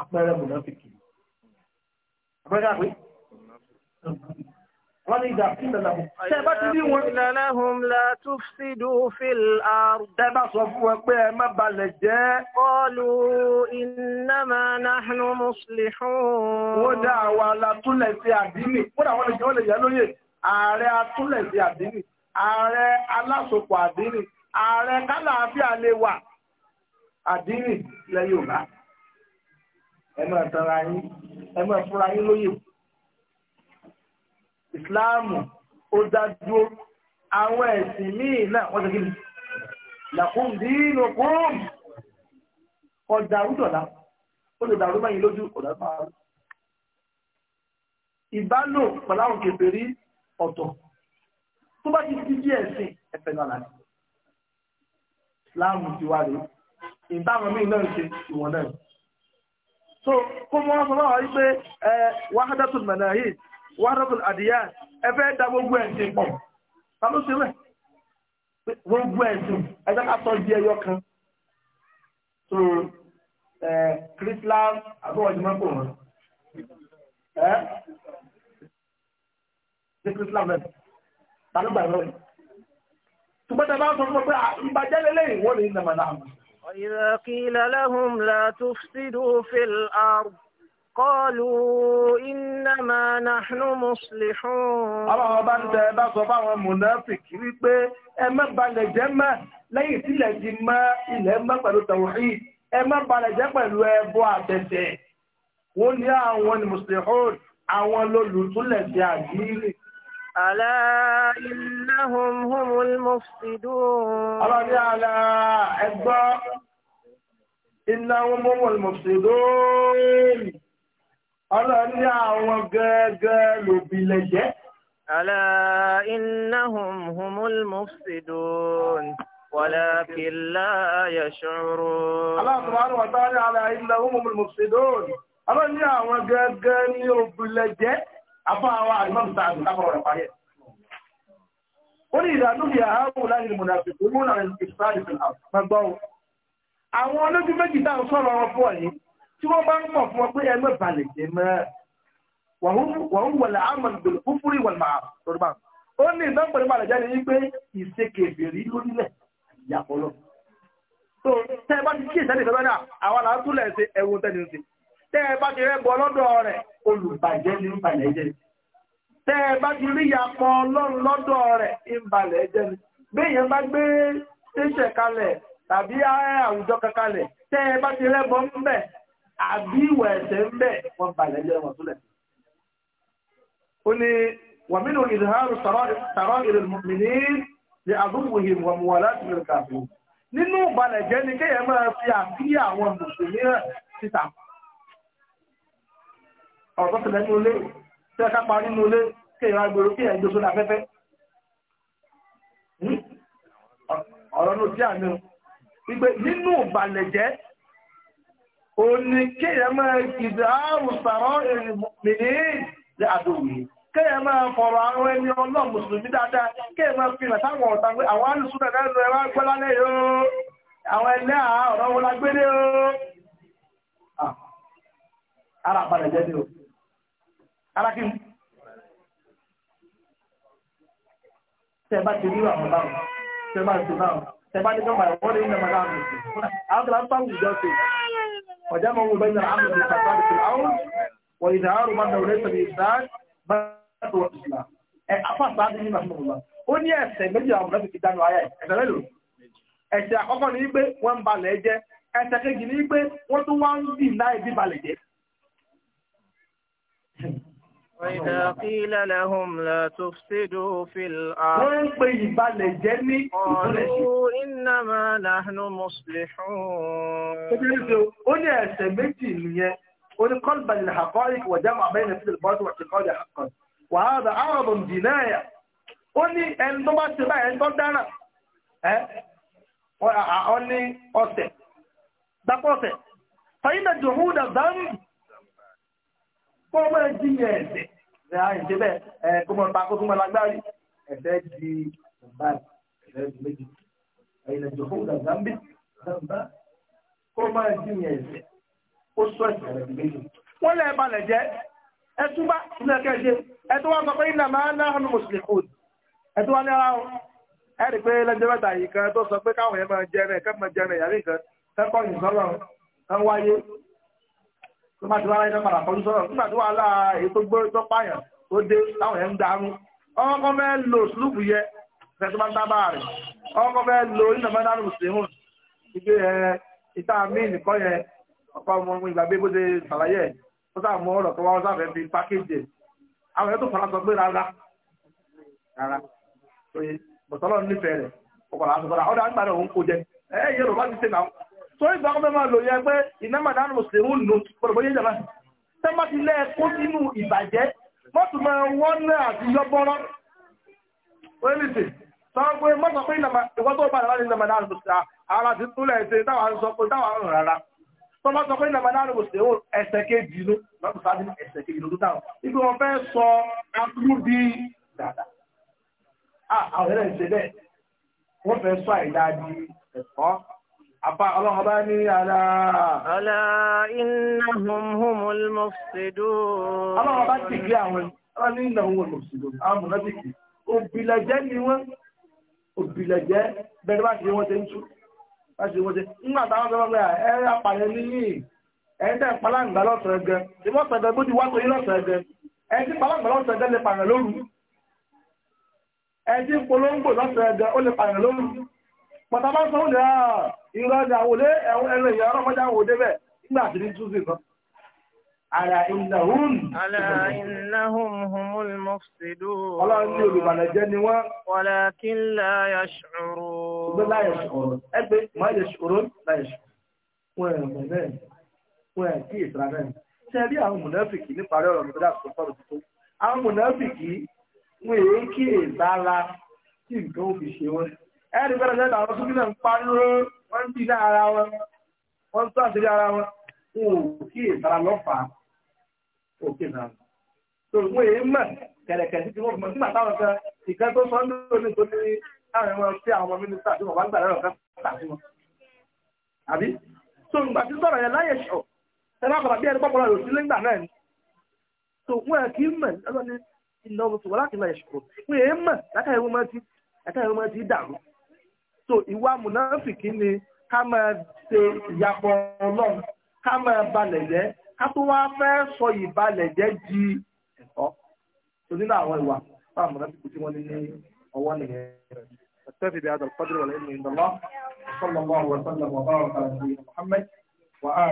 àpẹẹrẹ mùnàfíkì àpẹẹrẹ àpẹ wọ́n ní ìjà kí lọ́la fún. ṣé ẹ bá ti rí wọn. ìlànàhùn la tufsidu fil ard. ẹ bá sọ fún wọn pé ẹ má balẹ̀ jẹ́. qalu innama nahnu muslihun. ó dá àwa la sí àdínì. kódà wọ́n lè jẹ́ wọ́n lè yá lóye. ààrẹ atúlẹ̀ sí àdínì. ààrẹ alásopọ̀ àdínì. ààrẹ kálàáfíà lè wà àdínì lẹ́yìn òbá ẹ máa tanra yín ẹ máa fúnra yín lóyè ìsìláàmù ó dájú àwọn ẹ̀sìn míì náà wọ́n ti kí ni làkún dínú kún ọjà àrúdọ̀lá ó lè dàrú mẹ́yìn lójú ọ̀dà máa rú ìbálò pẹ̀láwọn kèfèrí ọ̀tọ̀ tó bá ti di bí ẹ̀sìn ẹ̀fẹ̀ náà láti láàmù ti wá rèé ìbáwọn míì náà ṣe ìwọ̀n náà so kó mọ́ wahadatul manahid wahadatul adiyan ẹ da gbogbo ẹ̀sìn kpọ ta gbogbo ẹ̀sìn ẹ jẹ́ ká ẹyọ kan so ẹ Christian àbúrò ọjọ́ mọ́kò wọn ẹ ṣe Christian mẹ́ta ta ló gbà lọ́wọ́ ṣùgbọ́n tẹ bá sọ وإذا قيل لهم لا تفسدوا في الأرض قالوا إنما نحن مصلحون الله bá ń tẹ bá sọ fáwọn mùnáfìkì wípé ẹ má balẹ̀ jẹ́ mọ́ lẹ́yìn tí ilẹ̀ ti mọ́ ilẹ̀ mọ́ pẹ̀lú tawhid ẹ má balẹ̀ jẹ́ pẹ̀lú ẹbọ àtẹ̀tẹ̀ wọ́n ní àwọn ni mùsùlùmí àwọn lolùtúlẹ̀ ti àdínì ألا إنهم هم المفسدون ألا àlá ẹgbọ́ إنهم هم المفسدون ألا àwọn gẹ́gẹ́ بلجة ألا إنهم هم المفسدون ولكن لا يشعرون. الله سبحانه وتعالى ألا إنهم هم المفسدون ألا àwọn gẹ́gẹ́ بلجة afáwa alimọ́mù sáàdù lápapọ̀ rẹ̀ parí ẹ̀. ó ní ìdádúkì àháwò láyé mùnàfíkù múnà ìfúsáàdì fìlàgbọ́ àwọn olójú méjì dáa sọ̀rọ̀ wọn fún ọ̀yìn tí wọ́n bá ń mọ̀ fún wọn pé ẹgbẹ́ balẹ̀ jẹ́ mọ́ wọ́n wọlé àmọ̀ ìgbèlè fún fúrí wọlé màá lórí bá ó ní ìdánpẹ̀lẹ́ balẹ̀ jáde yí pé ìsekèbèrè lórílẹ̀ ìyàpọ̀ lọ. tó tẹ́ ẹ bá ti kí ìsẹ́lẹ̀ fẹ́ bẹ́ẹ̀ náà àwọn àlàátúlẹ̀ ṣe ẹ̀wọ̀n tẹ́ni ń olùbàjẹ́ ní ń balẹ̀ jẹ́ tẹ́ ẹ bá ti rí yapọ̀ ọlọ́run lọ́dọ̀ rẹ̀ ń balẹ̀ jẹ́ ni béèyàn bá gbé tẹ́sẹ̀ kalẹ̀ tàbí àwùjọ kankalẹ̀ tẹ́ ẹ bá ti rẹ́bọ ń bẹ̀ àbí ìwà ẹ̀sẹ̀ ń bẹ̀ wọ́n balẹ̀ jẹ́ wọn túlẹ̀. ó ní wàmínú ìdáhàrù sàrọ́ ìrìnmìnì ní àdúgbòhìn wàmùwà láti rìn kàfù nínú ìbalẹ̀ jẹ́ ni kéèyàn máa fi àbí àwọn mùsùlùmí síta ọ̀rọ̀ tó tẹ̀lẹ̀ nínú ilé hmm? tí ẹ kápa nínú ilé kí ìrà gbèrò kí ẹ̀gbẹ́ sódà afẹ́fẹ́ ọ̀rọ̀ ló tí àmì wípé nínú ìbàlẹ̀jẹ́ òní kí ẹ máa ìdá àrùsàrọ̀ èrè mìíràn ní àdòwì kí ẹ máa fọ̀rọ̀ àwọn ẹni ọlọ́ọ̀ mùsùlùmí dáadáa kí ẹ máa fi nàtàwọn ọ̀tà pé àwọn alùsùn náà lẹ́nu ẹ̀rọ agbọ́lálẹ̀ yóò àwọn ẹlẹ́ ọ̀rọ̀ wọn lágbélé yóò ah. ara àbàlẹ̀jẹ́ ni o alákìní tẹ́ bá ti rí àwọn báwọn tẹ́ bá ti báwọn tẹ́ bá ti kọ́ báyìí wọ́n lè ní ọmọdé àwọn ìṣẹ́ àwọn tó láti báwọn ìjọ ṣe ọjà mọ̀ wọ́n bẹ́ẹ̀ ní àwọn ìṣẹ́ àti àti àwọn wọ̀ ìdá àrùn bá dàwọn lẹ́sẹ̀ ní ìdá bá tó wọ́n ìṣẹ́ ẹ̀ afáàfà á ti ní ìgbàsọ̀ wọn ó ní ẹ̀ṣẹ̀ méjì àwọn ọ̀gá ti dánú ayé ẹ̀ṣẹ̀ mélòó ẹ̀ṣẹ̀ àkọ́kọ́ ni wípé wọ́n ń balẹ̀ jẹ́ kejì ni wípé wọ́n tún wá ń dì láì bí balẹ̀ jẹ́ وإذا قيل لهم لا تفسدوا في الأرض قالوا إنما نحن مصلحون قلنا سميتي مياه قل قلبا للحقائق وجمع بين فعل الباطل واعتقاد حقا وهذا عرض جناية قلني أن تبقى تبقى أن تبقى ها قلني أصل بقى أصل فإن الجهود ذنب kó o máa jiyàn ẹ̀sẹ̀ ẹ̀ á ìṣe bẹ́ẹ̀ ẹ̀ kó o máa pa kó o tún máa lágbárí ẹ̀sẹ̀ di ọ̀bá ẹ̀sẹ̀ di méjì ẹ̀yìn ẹ̀jọ̀ fún gàdámbì gàdámbà kó o máa jiyàn ẹ̀sẹ̀ ó sọ ẹ̀sẹ̀ rẹ̀ di méjì. wọ́n lẹ́ẹ̀ balẹ̀ jẹ́ ẹtúbá ìlẹ̀kẹ́ṣe ẹtú wá sọ pé iná máa ń náà mùsùlùmí ẹtú wá ní ara wọn ẹ̀rì pé lẹ́jọ́ mẹ́ta yìí kan tó sọ pé káwọn yẹn máa jẹrẹ kẹ́ máa jẹrẹ yàrá nǹkan kẹ́kọ̀ọ́ yìí sọ́lọ́run kan wáyé tó bá ti wá láyé padà kọjú sọ̀rọ̀ nígbà tó wà láà ètò gbó tó pààyàn tó dé táwọn ẹ̀ ń darú ọkọ̀ fẹ́ lo sùlùkù yẹ fẹ́ tó bá ń tábà rẹ̀ ọkọ̀ fẹ́ lo ìnàmọ́nàrù sèhùn ìgbé ẹ ìta mí nìkan yẹn ọ̀pọ̀ ọmọ ìgbàgbé bó ṣe ṣàlàyé ẹ̀ ó sà mú ọ̀rọ̀ tó wá ó sà fẹ́ fi pákéjì àwọn ẹ̀ tó fara sọ pé rárá rárá bọ̀tọ́lọ́ nífẹ̀ẹ́ rẹ̀ ọkọ̀ torí ìgbà ọmọ máa lò yẹ pé iná màdánù òṣèlú nù pọ̀lọ̀pọ̀ yé ìjọba tẹ́ bá ti lẹ́ e kó sínú ìbàjẹ́ mọ́tò máa wọ́n náà àti yọ́bọ́rọ́ orílẹ̀-èdè sọ pé mọ́tò pé ìwọ́n tó bá dáwọ́ ní iná màdánù òṣèlú ara ti túlẹ̀ ṣe táwọn sọ pé táwọn ọ̀rọ̀ rárá tó bá sọ pé iná màdánù òṣèlú ẹsẹ̀ kejì ló lọ́tò sáájú ẹsẹ̀ kejì ló tó táwọn ibi wọn fẹ́ sọ akúrú bí dáadáa ah, àwọn ẹ̀rẹ́ ìṣẹ̀lẹ̀ wọ́n fẹ́ sọ àìdáa di ẹ̀kọ́ Apá ọlọ́run bá ní àlá. Ọlá iná hùmùhùmù mọ̀fìdó. Ọlọ́run bá ti gbé àwọn ọlọ́run ní ìlà òun mọ̀fìdó. Àwọn mọ̀lẹ́bìkì. Òbìlẹ̀jẹ́ ni wọ́n. Òbìlẹ̀jẹ́ bẹ́ẹ̀ bá ṣe wọ́n ṣe ń tú. Bá ṣe wọ́n ṣe. Nígbà táwọn sọ pé ẹ apààyàn ní yìí. Ẹ ń tẹ̀ palangba Ìmọ̀ pàtà bá sọ òde àà ìrọ̀jà òde ẹ̀rọ ìyá ọlọ́pàá jáwò òde bẹ̀ nígbà tí ní túnṣe kan. Àlà ìnáhùn. Àlà ìnáhùn humul mufsidun. Ọlọ́run ní olùbàlẹ̀jẹ́ ni wọ́n. Walakin la yash'urun. Ṣùgbọ́n la yash'urun. Ẹgbẹ́ ma yash'urun la yash'urun. Wọ́n ẹ̀ mọ̀ bẹ́ẹ̀. Wọ́n ẹ̀ kí ìtura bẹ́ẹ̀. Ṣé ẹ rí àwọn mùnáfìkì níparí ọ̀rọ̀ tó sọ̀rọ̀ ẹ̀rì bẹ́rẹ̀ lẹ́nà àwọn súnmí náà ń pariwo wọ́n ń dìde ara wọn wọ́n ń tó àṣírí ara wọn wọn ò kí ìtara lọ́fà ò kí ìtara tó ń wòye mọ̀ kẹ̀rẹ̀kẹ̀rẹ̀ tí wọ́n mọ̀ nígbà táwọn kan ìkan tó sọ nílò ní torí táwọn ẹ̀wọ̀n sí àwọn mínísítà tí wọ́n bá ń gbà lọ́rọ̀ kan sí wọn. àbí tó ń gbà tí sọ̀rọ̀ yẹn láyè sọ̀ ẹ má padà bí ẹni pọ́pọ́lọ́ rò sí lẹ́gbà náà ni. tó wọn kì í mọ̀ ẹlọ́ni ìnáwó tó wọ́n láti láyè sọ̀rọ̀ wọn èé mọ̀ látàrí so ìwà mùnáfìkì ni ká máa ṣe ìyapọ̀ ọlọ́run ká máa balẹ̀ jẹ́ ká tó wá fẹ́ sọ ìbalẹ̀ jẹ́ di ẹ̀tọ́ so nínú àwọn ìwà fún àwọn mùnáfìkì tí wọ́n ní ní ọwọ́ nìyẹn. أكتفي بهذا القدر والعلم عند الله وصلى الله وسلم وبارك على نبينا محمد وآله